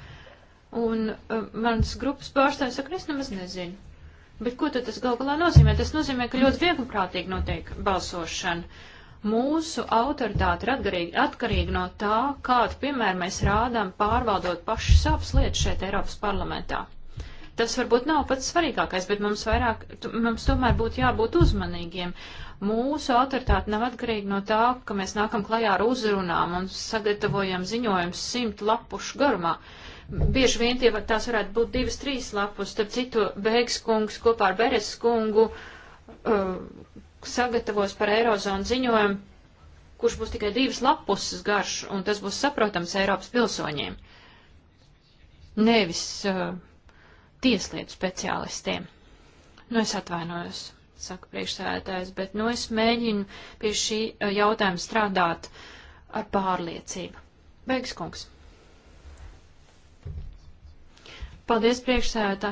Un uh, mans grupas pārstāvis saka, nu, es nemaz nezinu. Bet ko tad tas gal galā nozīmē? Tas nozīmē, ka ļoti viegliprātīgi notiek balsošana. Mūsu autoritāte ir atkarīga, atkarīga no tā, kādu piemēru mēs rādām pārvaldot paši savas lietas šeit Eiropas parlamentā. Tas varbūt nav pats svarīgākais, bet mums vairāk, mums tomēr būtu jābūt uzmanīgiem. Mūsu autoritāte nav atkarīga no tā, ka mēs nākam klajā ar uzrunām un sagatavojam ziņojumus simt lapušu garumā. Uh, Bieži vien tie, tās varētu būt divas, trīs lapus, tad citu Bēgs kungs kopā ar Beres kungu uh, sagatavos par Eirozonu ziņojumu, kurš būs tikai divas lapus garš, un tas būs saprotams Eiropas pilsoņiem, nevis uh, tieslietu speciālistiem. Nu, es atvainojos, saka priekšsēdētājs, bet nu es mēģinu pie šī uh, jautājuma strādāt ar pārliecību. Beigas kungs. Paldies, priekšsēdā.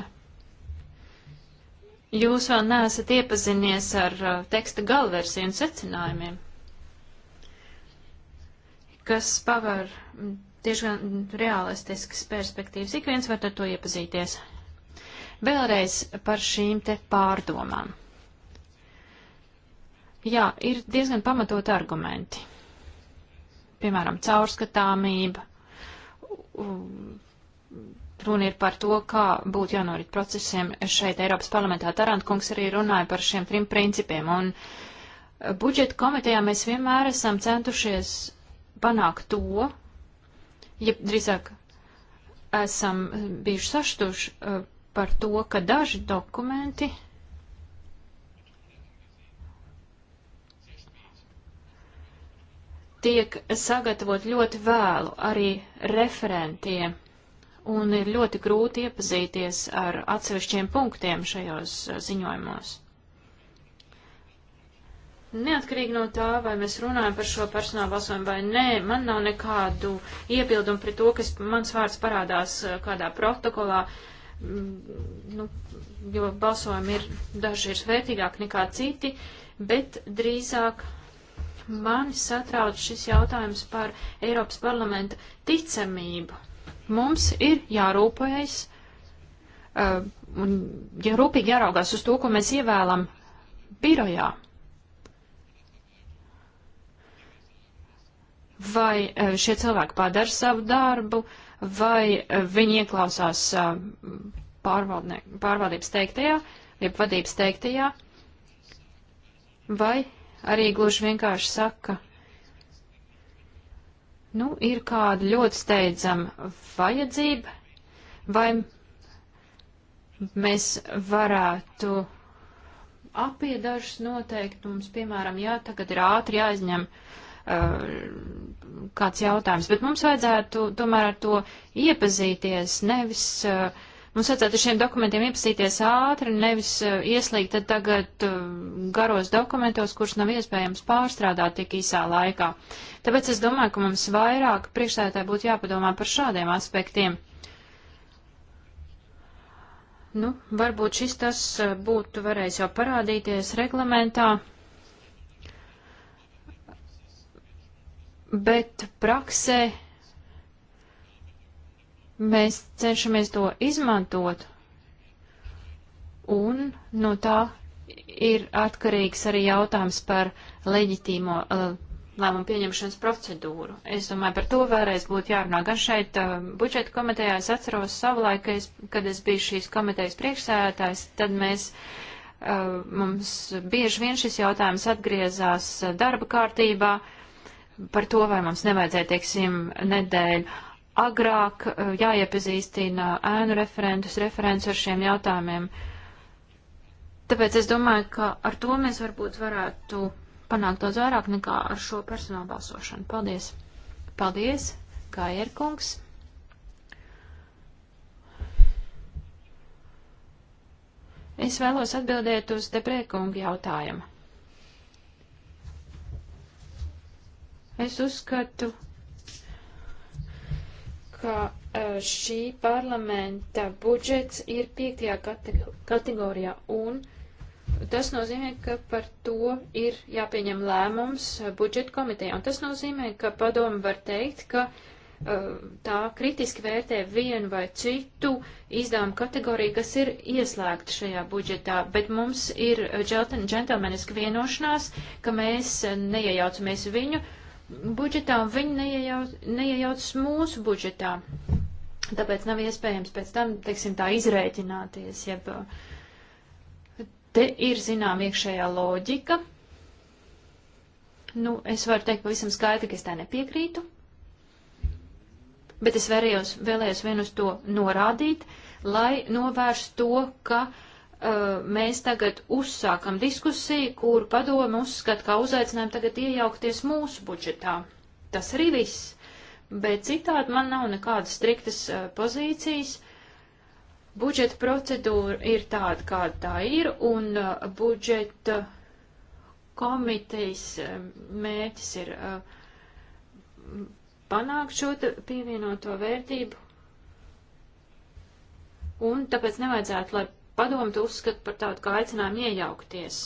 Jūs vēl neesat iepazinies ar uh, teksta galversiju un secinājumiem, kas paver mm, diezgan realistiskas perspektīvas. Ik viens var ar to iepazīties. Vēlreiz par šīm te pārdomām. Jā, ir diezgan pamatot argumenti. Piemēram, caurskatāmība, Runa ir par to, kā būtu jānorit procesiem šeit Eiropas parlamentā. Tarantkungs arī runāja par šiem trim principiem. Un eh, budžeta komitejā mēs vienmēr esam centušies panākt to, ja drīzāk esam bijuši saštuši eh, par to, ka daži dokumenti tiek sagatavot ļoti vēlu arī referentiem un ir ļoti grūti iepazīties ar atsevišķiem punktiem šajos eh, ziņojumos. Neatkarīgi no tā, vai mēs runājam par šo personālu balsojumu vai nē, man nav nekādu iebildumu pret to, ka mans vārds parādās eh, kādā protokolā, mm, nu, jo balsojumi ir daži ir svētīgāki nekā citi, bet drīzāk mani satrauc šis jautājums par Eiropas parlamenta ticamību Mums ir jārūpējas uh, un ja rūpīgi jāraugās uz to, ko mēs ievēlam birojā. Vai uh, šie cilvēki padara savu darbu, vai uh, viņi ieklausās pārvaldības teiktajā, jeb vadības teiktajā, vai arī gluži vienkārši saka, nu, ir kāda ļoti steidzama vajadzība, vai mēs varētu apiet dažus noteikumus, piemēram, jā, tagad ir ātri jāizņem uh, kāds jautājums, bet mums vajadzētu tomēr ar to iepazīties, nevis uh, Mums vajadzētu ar šiem dokumentiem iepazīties ātri, nevis eh, ieslīgt tagad eh, garos dokumentos, kurus nav iespējams pārstrādāt tik īsā laikā. Tāpēc es domāju, ka mums vairāk priekšstādātāji būtu jāpadomā par šādiem aspektiem. Nu, varbūt šis tas eh, būtu varējis jau parādīties reglamentā. bet praksē Mēs cenšamies to izmantot, un no tā ir atkarīgs arī jautājums par leģitīmo uh, lēmumu pieņemšanas procedūru. Es domāju, par to vēlreiz būtu jārunā gan šeit uh, budžeta komitejā. Es atceros savulaik, ka es, kad es biju šīs komitejas priekšsēdētājs, tad mēs, uh, mums bieži vien šis jautājums atgriezās uh, darba kārtībā par to, vai mums nevajadzēja, teiksim, nedēļu agrāk eh, jāiepazīstina ēnu referentus, referents ar šiem jautājumiem. Tāpēc es domāju, ka ar to mēs varbūt varētu panākt daudz vairāk nekā ar šo personālu balsošanu. Paldies! Paldies, Kājerkungs! Es vēlos atbildēt uz deprēkunga jautājumu. Es uzskatu, ka e, šī parlamenta budžets ir piektajā kategorijā un tas nozīmē, ka par to ir jāpieņem lēmums budžeta komitejā. Un tas nozīmē, ka padomu var teikt, ka e, tā kritiski vērtē vienu vai citu izdevumu kategoriju, kas ir ieslēgta šajā budžetā, bet mums ir e, džentelmeniska vienošanās, ka mēs neiejaucamies viņu budžetā, un viņi neiejauc, neiejaucas mūsu budžetā. Tāpēc nav iespējams pēc tam, teiksim, tā izrēķināties. Jeb, uh, te ir, zinām, iekšējā loģika. Nu, es varu teikt pavisam skaidri, ka es tā nepiekrītu. Bet es vēlējos, vēlējos vien uz to norādīt, lai novērstu to, ka uh, Uh, mēs tagad uzsākam diskusiju, kur padomu uzskat, kā uzaicinājumu tagad iejaukties mūsu budžetā. Tas arī viss. Bet citādi man nav nekādas striktas uh, pozīcijas. Budžeta procedūra ir tāda, kāda tā ir, un uh, budžeta komitejas mērķis ir panākt šo pievienoto vērtību. Un tāpēc nevajadzētu, lai padomu to uzskata par tādu kā aicinājumu iejaukties.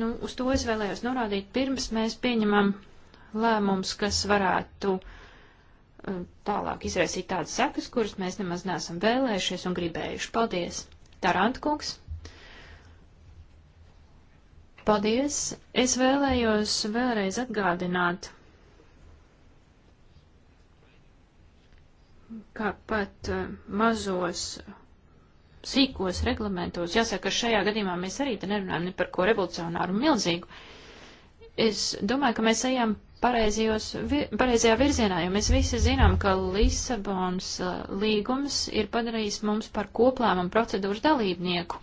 Nu, uz to es vēlējos norādīt, pirms mēs pieņemam lēmums, kas varētu uh, tālāk izraisīt tādas sekas, kuras mēs nemaz neesam vēlējušies un gribējuši. Paldies, Tarantkungs! Paldies! Es vēlējos vēlreiz atgādināt kā pat eh, mazos eh, sīkos reglamentos. Jāsaka, ka šajā gadījumā mēs arī te nerunājam ne par ko revolucionāru milzīgu. Es domāju, ka mēs ejam pareizajos, pareizajā virzienā, jo mēs visi zinām, ka Lisabons eh, līgums ir padarījis mums par koplēmumu procedūras dalībnieku.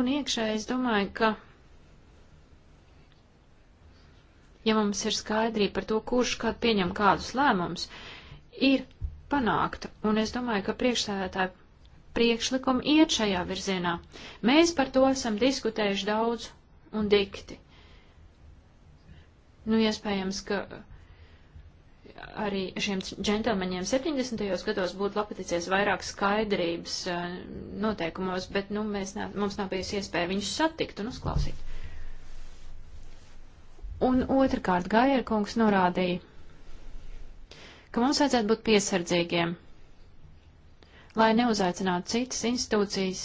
Un iekšā es domāju, ka ja mums ir skaidrība par to, kurš kad pieņem kādus lēmumus, ir panākta. Un es domāju, ka priekšsēdētāji priekšlikumi iet šajā virzienā. Mēs par to esam diskutējuši daudz un dikti. Nu, iespējams, ka arī šiem džentelmeņiem 70. gados būtu lapaticies vairāk skaidrības eh, noteikumos, bet nu, mēs, nā, mums nav bijusi iespēja viņus satikt un uzklausīt. Un otrkārt, Gajer kungs norādīja, ka mums vajadzētu būt piesardzīgiem, lai neuzaicinātu citas institūcijas.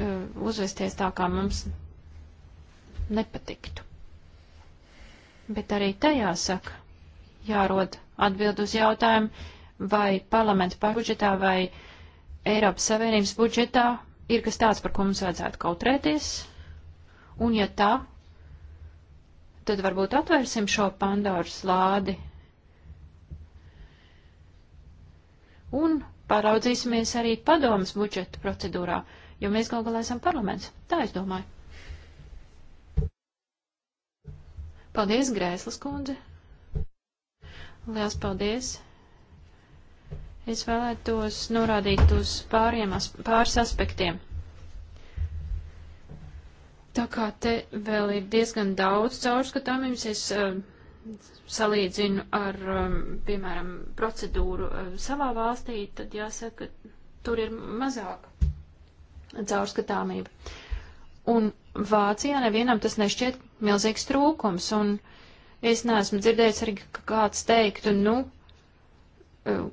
Uh, uzvesties tā, kā mums nepatiktu. Bet arī tajā saka, jārod atbild uz jautājumu, vai parlamenta budžetā vai Eiropas Savienības budžetā ir kas tāds, par ko mums vajadzētu kautrēties, un ja tā, tad varbūt atvērsim šo Pandoras lādi un pāraudzīsimies arī padomas budžeta procedūrā, jo mēs gal galā esam parlaments. Tā es domāju. Paldies, Grēslas kundze. Liels paldies. Es vēlētos norādīt uz pāriem, pāris aspektiem. Tā kā te vēl ir diezgan daudz caurskatāmības, es uh, salīdzinu ar, um, piemēram, procedūru uh, savā valstī, tad jāsaka, tur ir mazāk caurskatāmība. Un Vācijā nevienam tas nešķiet milzīgs trūkums, un es neesmu dzirdējis arī, ka kāds teiktu, nu, uh,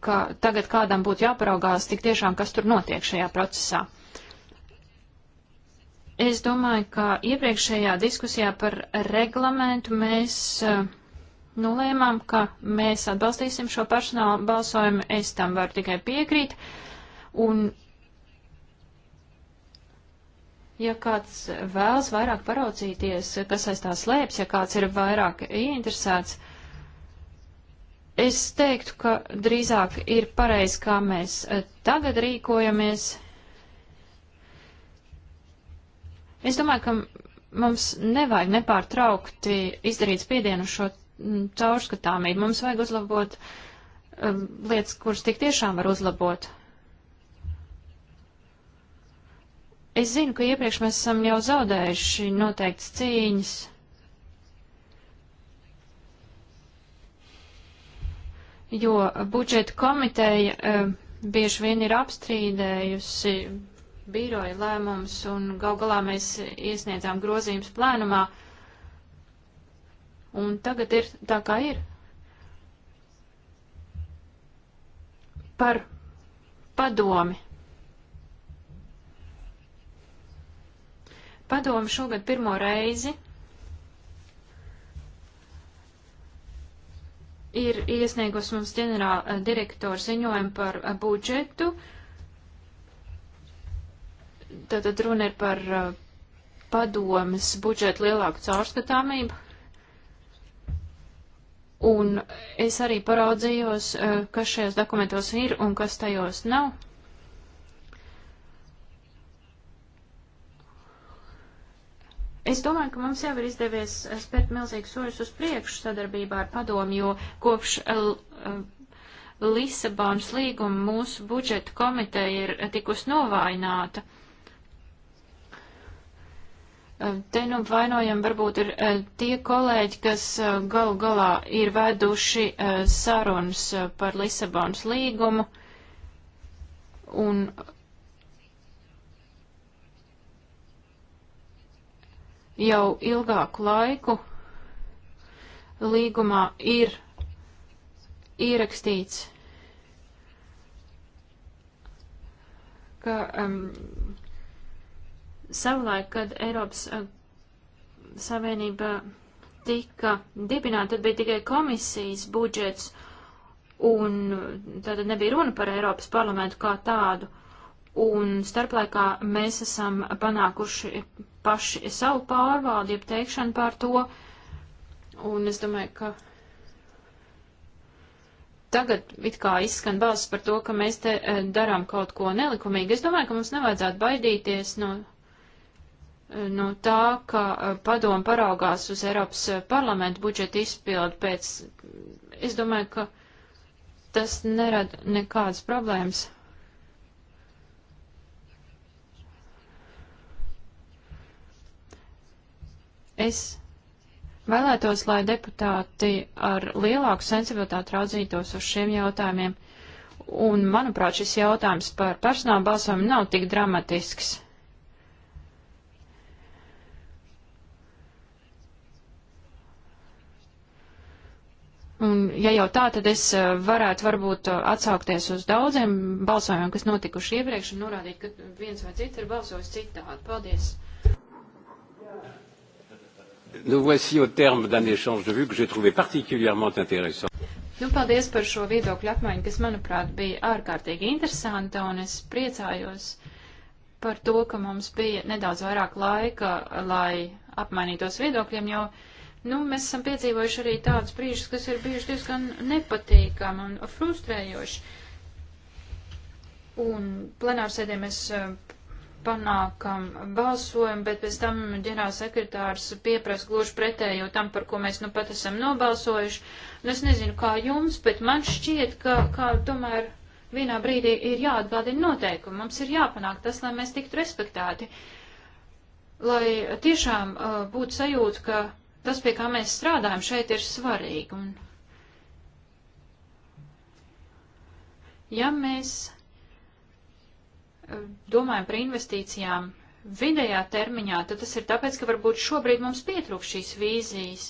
ka tagad kādam būtu jāparaugās tik tiešām, kas tur notiek šajā procesā. Es domāju, ka iepriekšējā diskusijā par reglamentu mēs uh, nolēmām, ka mēs atbalstīsim šo personālu balsojumu. Es tam varu tikai piekrīt. Un, ja kāds vēlas vairāk paraudzīties, kas aiz tā slēpjas, ja kāds ir vairāk ieinteresēts, Es teiktu, ka drīzāk ir pareizi, kā mēs eh, tagad rīkojamies. Es domāju, ka mums nevajag nepārtraukti izdarīt spiedienu šo caurskatāmību. Mums vajag uzlabot eh, lietas, kuras tik tiešām var uzlabot. Es zinu, ka iepriekš mēs esam jau zaudējuši noteikts cīņas. jo budžeta komiteja e, bieži vien ir apstrīdējusi biroja lēmums un gal galā mēs iesniedzām grozījums plēnumā. Un tagad ir tā kā ir. Par padomi. Padomi šogad pirmo reizi ir iesniegus mums ģenerāla direktora ziņojumu par eh, budžetu. Tātad runa ir par eh, padomas budžetu lielāku caurskatāmību. Un es arī paraudzījos, eh, kas šajos dokumentos ir un kas tajos nav. Es domāju, ka mums jau ir izdevies eh, spērt milzīgus soļus uz priekšu sadarbībā ar padomu, jo kopš eh, Lisabonas līguma mūsu budžeta komiteja ir eh, tikus novājināta. Te nu vainojam varbūt ir tie kolēģi, kas galu galā ir veduši sarunas par Lisabonas līgumu un jau ilgāku laiku līgumā ir ierakstīts, ka um, savulaik, kad Eiropas uh, Savienība tika dibināta, tad bija tikai komisijas budžets, un uh, tad nebija runa par Eiropas parlamentu kā tādu. Uh, un starplaikā mēs esam panākuši paši savu pārvaldi, jeb teikšanu pār to, un es domāju, ka tagad it kā izskan balsts par to, ka mēs te eh, darām kaut ko nelikumīgi. Es domāju, ka mums nevajadzētu baidīties no, eh, no tā, ka eh, padomu paraugās uz Eiropas parlamentu budžeta izpildu pēc. Es domāju, ka tas nerada nekādas problēmas. Es vēlētos, lai deputāti ar lielāku sensibilitāti raudzītos uz šiem jautājumiem. Un, manuprāt, šis jautājums par personāla balsojumu nav tik dramatisks. Un, ja jau tā, tad es eh, varētu varbūt eh, atsaukties uz daudziem balsojumiem, kas notikuši iepriekš, un norādīt, ka viens vai cits ir balsojis citādi. Paldies! Nous voici au terme d'un échange de vues que j'ai trouvé particulièrement intéressant. Nu, paldies par šo viedokļu apmaiņu, kas, manuprāt, bija ārkārtīgi interesanta, un es priecājos par to, ka mums bija nedaudz vairāk laika, lai apmainītos viedokļiem, jo, nu, mēs esam piedzīvojuši arī tādus brīžus, kas ir bijuši diezgan nepatīkami un frustrējoši. Un plenārsēdē mēs panākam balsojumu, bet pēc tam ģenerālsekretārs pieprasa gluži pretējo tam, par ko mēs nu pat esam nobalsojuši. Un nu, es nezinu, kā jums, bet man šķiet, ka, ka tomēr vienā brīdī ir jāatgādina noteikumi. Mums ir jāpanāk tas, lai mēs tiktu respektēti. Lai tiešām uh, būtu sajūta, ka tas, pie kā mēs strādājam, šeit ir svarīgi. Un ja mēs domājam par investīcijām vidējā termiņā, tad tas ir tāpēc, ka varbūt šobrīd mums pietrūk šīs vīzijas.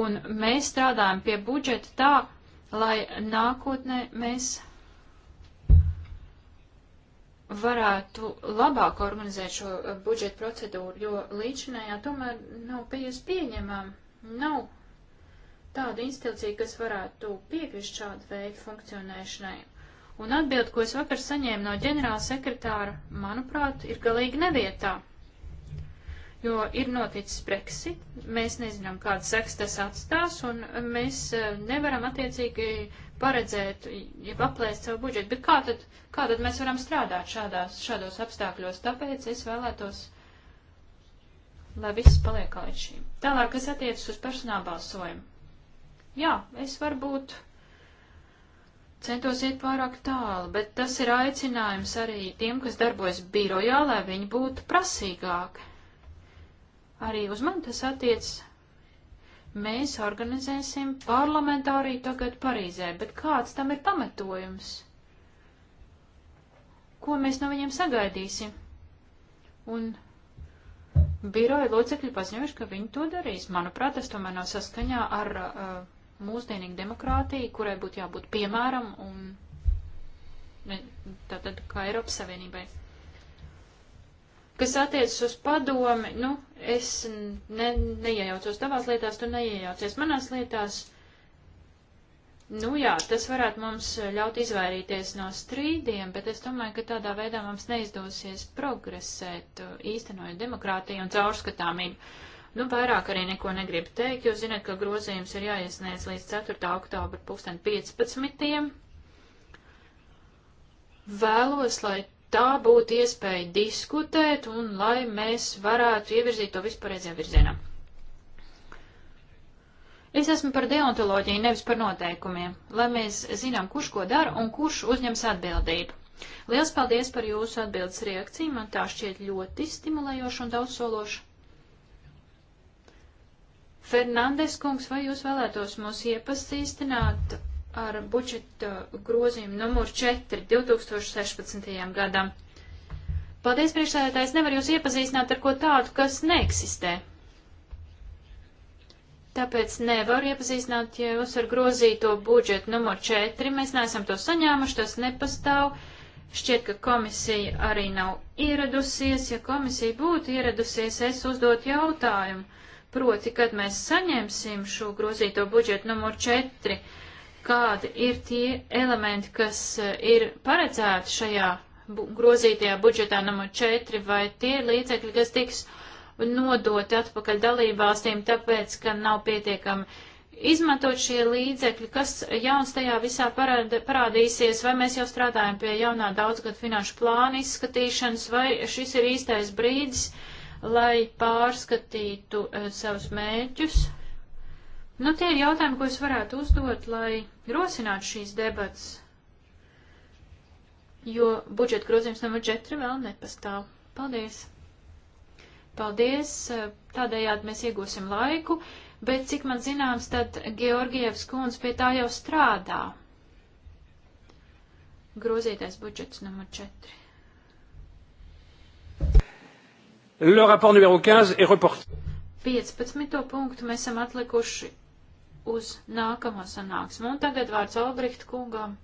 Un mēs strādājam pie budžeta tā, lai nākotnē mēs varētu labāk organizēt šo eh, budžeta procedūru, jo līdzinājā tomēr nav bijusi pieņemama. Nav tāda institūcija, kas varētu piekrist šādu veidu funkcionēšanai. Un atbild, ko es vakar saņēmu no ģenerāla sekretāra, manuprāt, ir galīgi nevietā. Jo ir noticis Brexit, mēs nezinām, kādas sekas tas atstās, un mēs eh, nevaram attiecīgi paredzēt, ja paplēst savu budžetu. Bet kā tad, kā tad mēs varam strādāt šādās, šādos apstākļos? Tāpēc es vēlētos, lai viss paliek līdz šīm. Tālāk, kas attiecas uz personāla balsojumu. Jā, es varbūt centos iet pārāk tālu, bet tas ir aicinājums arī tiem, kas darbojas birojā, lai viņi būtu prasīgāki. Arī uz mani tas attiec. Mēs organizēsim parlamentāriju tagad Parīzē, bet kāds tam ir pamatojums? Ko mēs no viņiem sagaidīsim? Un biroja locekļi paziņojuši, ka viņi to darīs. Manuprāt, tas tomēr nav saskaņā ar uh, mūsdienīga demokrātija, kurai būtu jābūt piemēram un tātad kā Eiropas Savienībai. Kas attiecas uz padomi, nu, es ne, neiejaucos tavās lietās, tu neiejaucies manās lietās. Nu jā, tas varētu mums ļaut izvairīties no strīdiem, bet es domāju, ka tādā veidā mums neizdosies progresēt, īstenojot demokrātiju un caurskatāmību. Uh, Nu, vairāk arī neko negribu teikt, jo zinat, ka grozījums ir jāiesniedz līdz 4. oktobra 2015. Vēlos, lai tā būtu iespēja diskutēt un lai mēs varētu ievirzīt to vispārējā virzienā. Es esmu par deontoloģiju, nevis par noteikumiem, lai mēs zinām, kurš ko dara un kurš uzņems atbildību. Liels paldies par jūsu atbildes reakciju, man tā šķiet ļoti stimulējoša un daudzsološa. Fernandes kungs, vai jūs vēlētos mūs iepazīstināt ar budžeta grozījumu numur 4 2016. gadam? Paldies, priekšsēdētājs, nevar jūs iepazīstināt ar ko tādu, kas neeksistē. Tāpēc nevaru iepazīstināt ja jūs ar grozīto budžetu numur 4. Mēs neesam to saņēmuši, tas nepastāv. Šķiet, ka komisija arī nav ieradusies. Ja komisija būtu ieradusies, es uzdotu jautājumu Proti, kad mēs saņemsim šo grozīto budžetu numur 4, kādi ir tie elementi, kas eh, ir paredzēti šajā bu grozītajā budžetā numur 4, vai tie līdzekļi, kas tiks nodoti atpakaļ dalībvalstīm, tāpēc, ka nav pietiekami izmantot šie līdzekļi, kas jauns tajā visā parād parādīsies, vai mēs jau strādājam pie jaunā daudzgad finanšu plāna izskatīšanas, vai šis ir īstais brīdis, uh, lai pārskatītu uh, savus mēģus. Nu, tie ir jautājumi, ko es varētu uzdot, lai rosinātu šīs debats, jo budžeta grozījums numur 4 vēl nepastāv. Paldies! Paldies! Eh, tādējādi mēs iegūsim laiku, bet, cik man zināms, tad Georgievs kundze pie tā jau strādā. Grozītais budžets numur 4. Le rapport numéro 15 est reporté. 15. punktu mēs esam atlikuši uz nākamo sanāksmu. Un tagad vārds Albrecht kungam,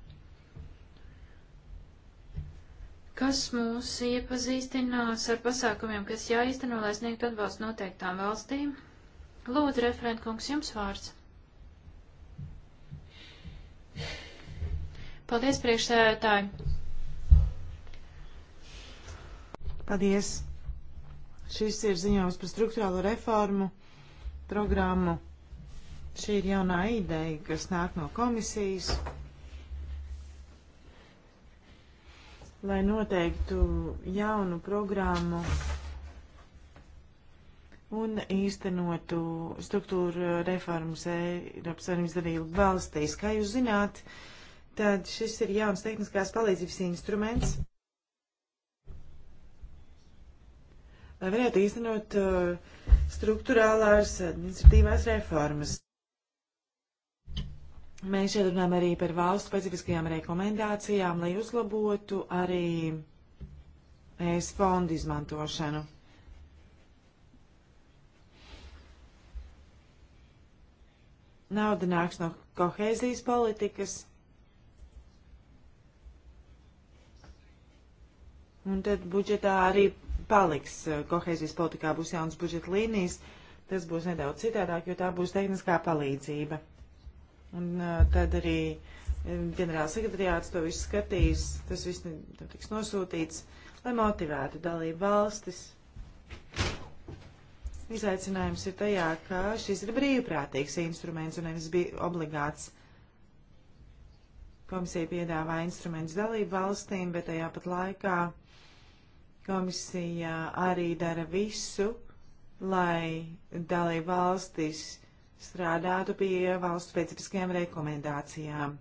kas mūs iepazīstinās ar pasākumiem, kas jāizteno, lai sniegtu atbalstu noteiktām valstīm. Lūdzu, referent kungs, jums vārds. Paldies, priekšsēdētāji! Paldies! Šis ir ziņojums par struktūrālo reformu programmu. Šī ir jaunā ideja, kas nāk no komisijas, lai noteiktu jaunu programmu un īstenotu struktūra reformas Eiropas Savienības dalību valstīs. Kā jūs zināt, tad šis ir jauns tehniskās palīdzības instruments. lai varētu īstenot uh, struktūrālās administratīvās reformas. Mēs šeit runājam arī par valsts specifiskajām rekomendācijām, lai uzlabotu arī ES fondu izmantošanu. Nauda nāks no kohēzijas politikas. Un tad budžetā arī paliks eh, kohēzijas politikā, būs jauns budžeta līnijas, tas būs nedaudz citādāk, jo tā būs tehniskā palīdzība. Un uh, tad arī eh, ģenerāla sekretariāts to visu skatīs, tas viss nu, tiks nosūtīts, lai motivētu dalību valstis. Izaicinājums ir tajā, ka šis ir brīvprātīgs instruments un nevis bija obligāts. Komisija piedāvā instruments dalību valstīm, bet tajā pat laikā Komisija arī dara visu, lai dalība valstis strādātu pie valsts specifiskajām rekomendācijām.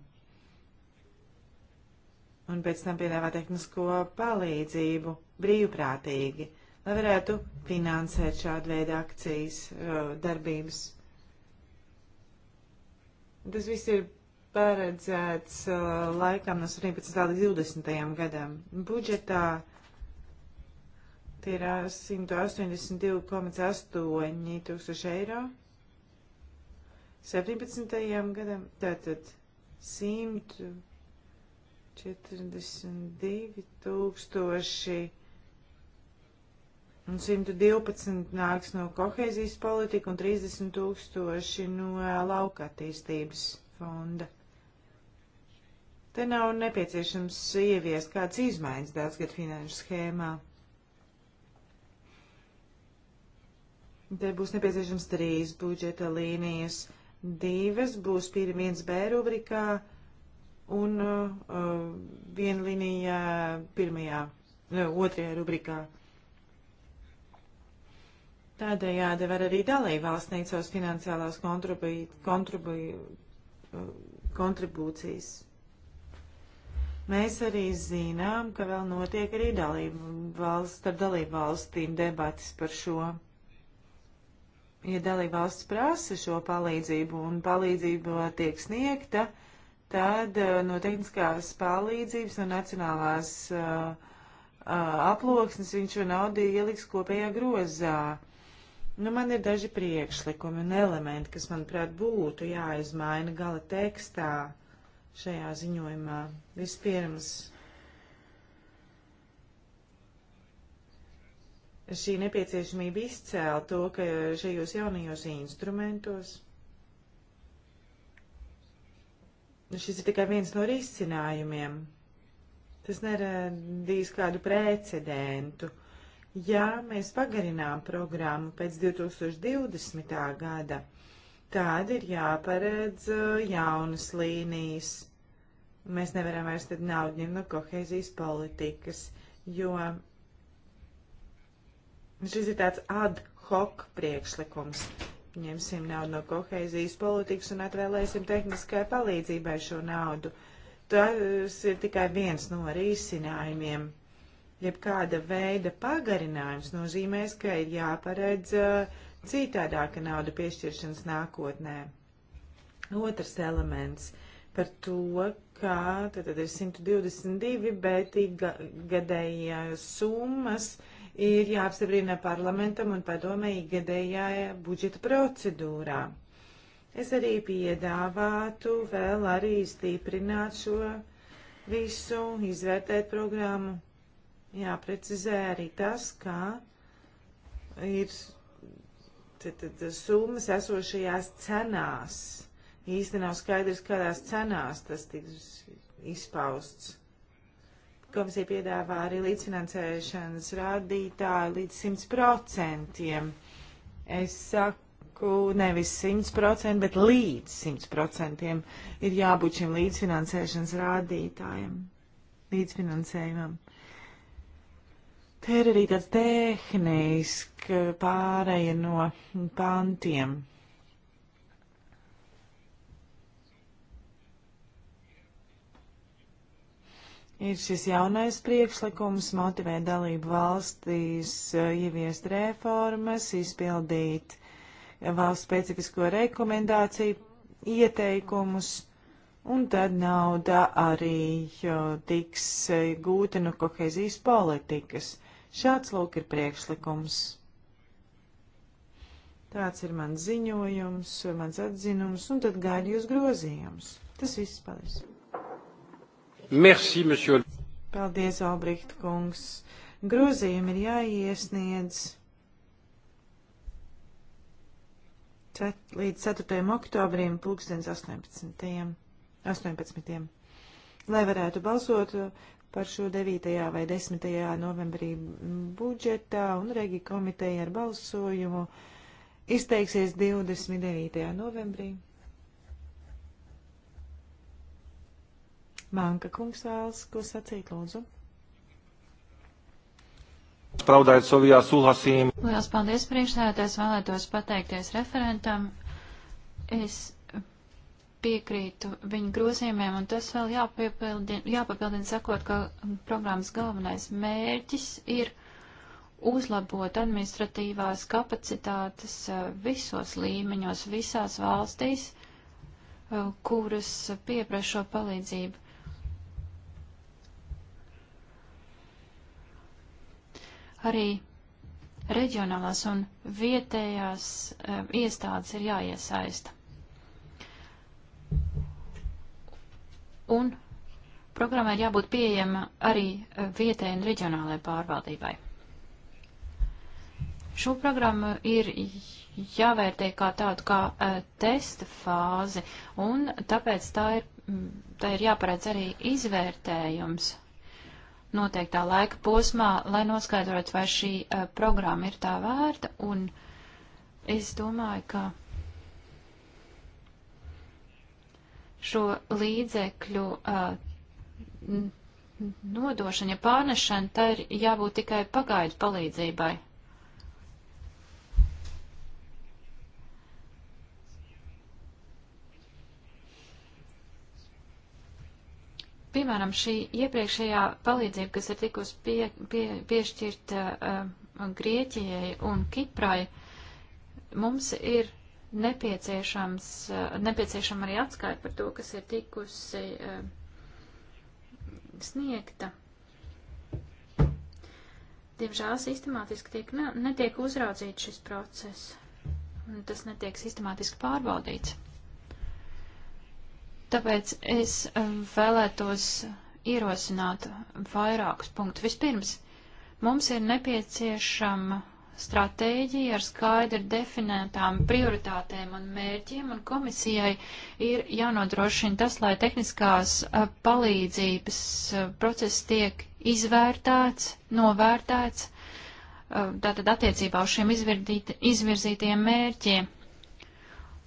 Un pēc tam piedāvā tehnisko palīdzību brīvprātīgi, lai varētu finansēt šādu veidu akcijas uh, darbības. Tas viss ir paredzēts uh, laikam no 17. līdz 20. gadam. Budžetā Tie ir 182,8 tūkstoši eiro. 17. gadam tātad 142 tūkstoši un 112 nāks no kohēzijas politika un 30 tūkstoši no lauka attīstības fonda. Te nav nepieciešams ieviest kāds izmaiņas daudzgad finanšu schēmā. Te būs nepieciešams trīs budžeta līnijas. Divas būs pirmienas B rubrikā un uh, viena līnija pirmajā, ne, uh, otrajā rubrikā. Tādējādi var arī dalībvalsts sniegt savus finansiālās kontribu, kontribu, uh, kontribūcijas. Mēs arī zinām, ka vēl notiek arī dalību valsts, starp dalību valstīm debatas par šo ja dalībvalsts prasa šo palīdzību un palīdzība tiek sniegta, tad uh, no tehniskās palīdzības un no nacionālās uh, uh, aploksnes viņš šo naudu ieliks kopējā grozā. Nu, man ir daži priekšlikumi un elementi, kas, manuprāt, būtu jāizmaina gala tekstā šajā ziņojumā. Vispirms šī nepieciešamība izcēlt to, ka šajos jaunajos instrumentos šis ir tikai viens no risinājumiem. Tas neradīs kādu precedentu. Ja mēs pagarinām programmu pēc 2020. gada, tad ir jāparedz uh, jaunas līnijas. Mēs nevaram vairs tad naudu ņemt no kohēzijas politikas, jo Šis ir tāds ad hoc priekšlikums. Ņemsim naudu no koheizijas politikas un atvēlēsim tehniskai palīdzībai šo naudu. Tas ir tikai viens no risinājumiem. Jebkāda veida pagarinājums nozīmēs, ka ir jāparedz uh, citādāka nauda piešķiršanas nākotnē. Otrs elements par to, ka tad, tad ir 122, bet gadējās summas uh, ir jāapstiprina parlamentam un padomē ikgadējā budžeta procedūrā. Es arī piedāvātu vēl arī stiprināt šo visu, izvērtēt programmu. Jāprecizē arī tas, kā ir tad, tad, summas esošajās cenās. Īsti nav skaidrs, kādās cenās tas tiks izpausts. Komisija piedāvā arī līdzfinansēšanas rādītāju līdz 100%. Es saku, nevis 100%, bet līdz 100% ir jābūt šim līdzfinansēšanas rādītājam, līdzfinansējumam. Te ir arī tāds tehniski pārēja no pantiem. ir šis jaunais priekšlikums motivēt dalību valstīs uh, ieviest reformas, izpildīt valsts specifisko rekomendāciju ieteikumus, un tad nauda arī tiks uh, gūta no kohezijas politikas. Šāds lūk ir priekšlikums. Tāds ir mans ziņojums, mans atzinums, un tad gaidu jūs grozījums. Tas viss paldies. Merci, monsieur. Paldies, Albrikt kungs. Grozījumi ir jāiesniedz cet, līdz 4. oktobrim, pulkstens 18. 18. Lai varētu balsot par šo 9. vai 10. novembrī budžetā un regi komiteja ar balsojumu izteiksies 29. novembrī. Manka kungs vēlas, ko sacīt, lūdzu. Spraudājot savijā sulhasīm. Lielas paldies priekšsēdētājs, vēlētos pateikties referentam. Es piekrītu viņu grozījumiem, un tas vēl jāpapildina, jāpapildina sakot, ka programmas galvenais mērķis ir uzlabot administratīvās kapacitātes uh, visos līmeņos, visās valstīs, uh, kuras pieprašo palīdzību. Arī reģionālās un vietējās uh, iestādes ir jāiesaista. Un programmai ir jābūt pieejama arī e, vietējai un reģionālajai pārvaldībai. Šo programmu ir jāvērtē kā tādu kā uh, testa fāzi, un tāpēc tā ir, tā ir jāparedz arī izvērtējums noteiktā laika posmā, lai noskaidrotu, vai šī uh, programma ir tā vērta. Un es domāju, ka šo līdzekļu uh, nodošana, ja pārnešana, tā ir jābūt tikai pagaidu palīdzībai. Piemēram, šī iepriekšējā palīdzība, kas ir tikus pie, pie, piešķirta uh, Grieķijai un Kiprai, mums ir nepieciešams, uh, nepieciešama arī atskaita par to, kas ir tikusi uh, sniegta. Diemžēl sistemātiski tiek, ne, netiek uzraudzīts šis process, un tas netiek sistemātiski pārbaudīts. Tāpēc es eh, vēlētos ierosināt vairākus punktus. Vispirms, mums ir nepieciešama stratēģija ar skaidri definētām prioritātēm un mērķiem, un komisijai ir jānodrošina tas, lai tehniskās eh, palīdzības eh, process tiek izvērtēts, novērtēts, tātad attiecībā uz šiem izvirzītajiem mērķiem.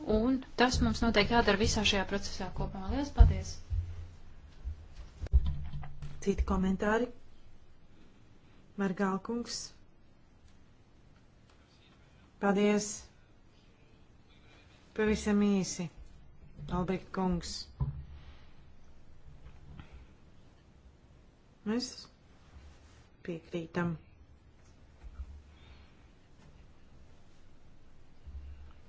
Un tas mums noteikti jādara visā šajā procesā kopumā. Lielas paldies! Citi komentāri? Margālkungs. Paldies! Pavisam īsi, Albrecht kungs. Mēs piekrītam.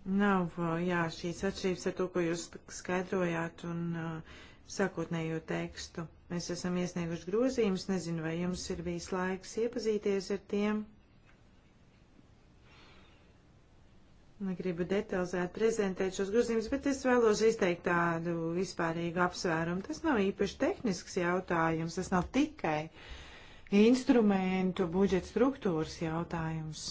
Nav, jā, šīs atšķirības ar to, ko jūs skaidrojāt un uh, sākotnējo tekstu. Mēs esam iesnieguši grozījumus, nezinu, vai jums ir bijis laiks iepazīties ar tiem. Negribu detalizēt prezentēt šos grozījumus, bet es vēlos izteikt tādu vispārīgu apsvērumu. Tas nav īpaši tehnisks jautājums, tas nav tikai instrumentu budžeta struktūras jautājums.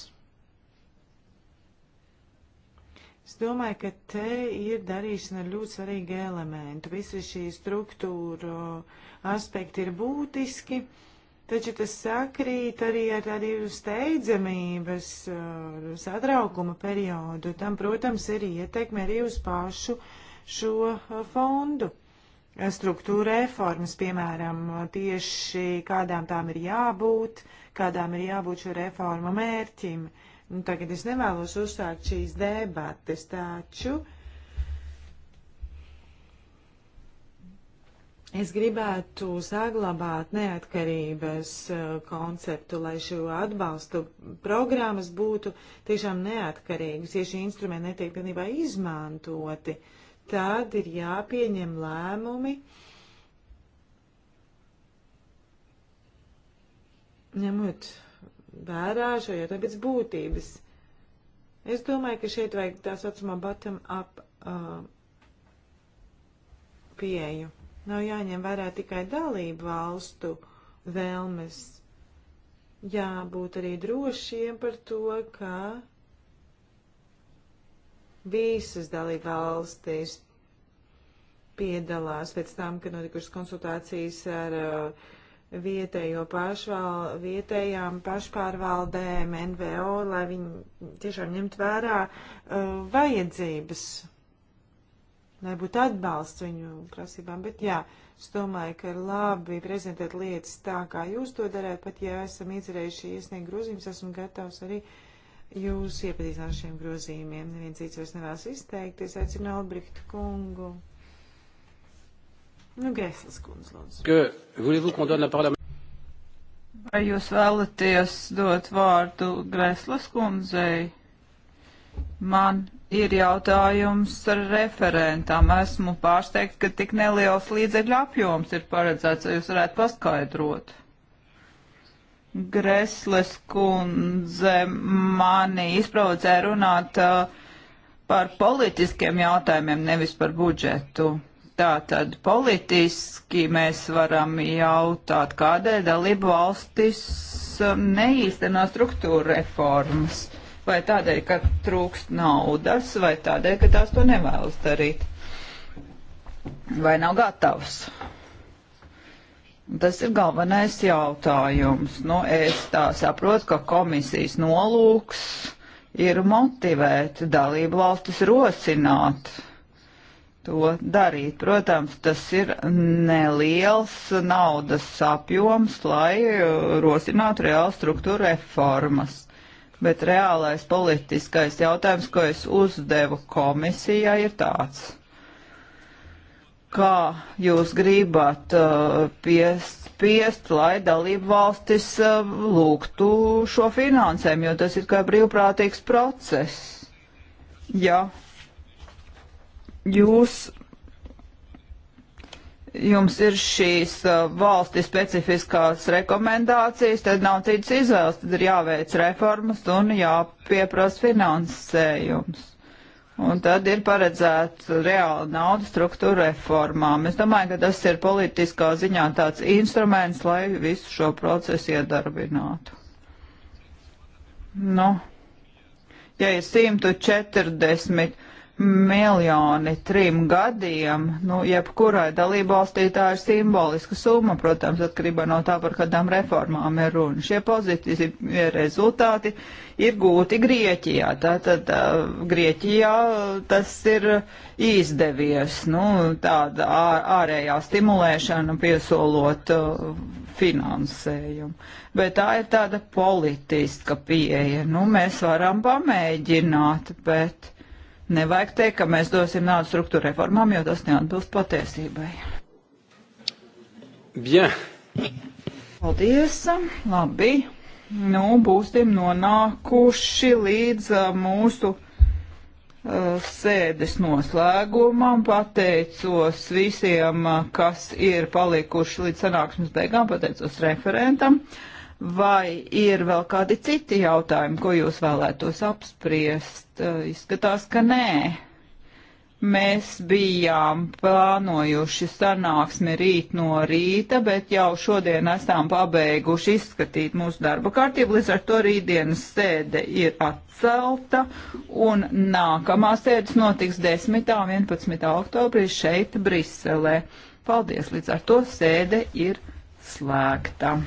Es domāju, ka te ir darīšana ar ļoti svarīgu elementu. Visi šī struktūra aspekti ir būtiski, taču tas sakrīt arī ar tādu steidzamības satraukuma periodu. Tam, protams, ir ietekme arī uz pašu šo fondu struktūra reformas, piemēram, tieši kādām tām ir jābūt, kādām ir jābūt šo reformu mērķim. Uh, Un nu, tagad es nevēlos uzsākt šīs debates, taču es gribētu saglabāt neatkarības e, konceptu, lai šo atbalstu programmas būtu tiešām neatkarīgas. Ja šie instrumenti netiek pilnībā izmantoti, tad ir jāpieņem lēmumi. Ņemot vērā šo jautājumu pēc būtības. Es domāju, ka šeit vajag tā saucamā bottom-up uh, pieeju. Nav jāņem vērā tikai dalību valstu vēlmes. Jābūt arī drošiem par to, ka visas dalību valstis piedalās pēc tam, kad notikušas konsultācijas ar uh, vietējo pašval, vietējām pašpārvaldēm, NVO, lai viņi tiešām ņemt vērā uh, vajadzības, lai būtu atbalsts viņu prasībām. Bet jā, es domāju, ka ir labi prezentēt lietas tā, kā jūs to darāt, pat ja esam iecerējuši iesniegt grozījumus, esmu gatavs arī jūs iepazīstināt šiem grozījumiem. Neviens cits vairs nevēlas izteikties, aicinu Albrihtu kungu. Nu, Gēslis kundze, lūdzu. Vai jūs vēlaties dot vārdu Gēslis kundzei? Man ir jautājums referentam. Esmu pārsteigts, ka tik neliels līdzekļu apjoms ir paredzēts, vai jūs varētu paskaidrot? Gresles kundze mani izprovocē runāt uh, par politiskiem jautājumiem, nevis par budžetu. Tātad politiski mēs varam jautāt, kādēļ dalību valstis um, neīstenā struktūra reformas. Vai tādēļ, ka trūkst naudas, vai tādēļ, ka tās to nevēlas darīt. Vai nav gatavs? Tas ir galvenais jautājums. Nu, es tā saprotu, ka komisijas nolūks ir motivēt dalību valstis rosināt to darīt. Protams, tas ir neliels naudas apjoms, lai uh, rosinātu reālu struktūru reformas. Bet reālais politiskais jautājums, ko es uzdevu komisijai, ir tāds. Kā jūs gribat uh, piespiest, lai dalību valstis uh, lūgtu šo finansēm, jo tas ir kā brīvprātīgs process? Ja jūs, jums ir šīs uh, valsti specifiskās rekomendācijas, tad nav cits izvēles, tad ir jāveic reformas un jāpieprasa finansējums. Un tad ir paredzēts reāla nauda struktūra reformām. Es domāju, ka tas ir politiskā ziņā tāds instruments, lai visu šo procesu iedarbinātu. Nu, ja ir 140 miljoni trim gadiem, nu, jebkurai dalībvalstī tā ir simboliska summa, protams, atkarībā no tā, par kādām reformām ir runa. Šie pozitīvie rezultāti ir gūti Grieķijā, tātad tā, Grieķijā tas ir izdevies, nu, tāda ārējā stimulēšana piesolot finansējumu. Bet tā ir tāda politiska pieeja, nu, mēs varam pamēģināt, bet Nevajag teikt, ka mēs dosim naudu struktūra reformām, jo tas neatbilst patiesībai. Bien. Paldies. Labi. Nu, būsim nonākuši līdz uh, mūsu uh, sēdes noslēgumam. Pateicos visiem, uh, kas ir palikuši līdz sanāksmes beigām, pateicos referentam. Uh, Vai ir vēl kādi citi jautājumi, ko jūs vēlētos apspriest? Eh, izskatās, ka nē. Mēs bijām plānojuši sanāksmi rīt no rīta, bet jau šodien esam pabeiguši izskatīt mūsu darba kārtību, līdz ar to rītdienas sēde ir atcelta, un nākamā sēdes notiks 10. un 11. oktobrī šeit, Briselē. Paldies, līdz ar to sēde ir slēgta.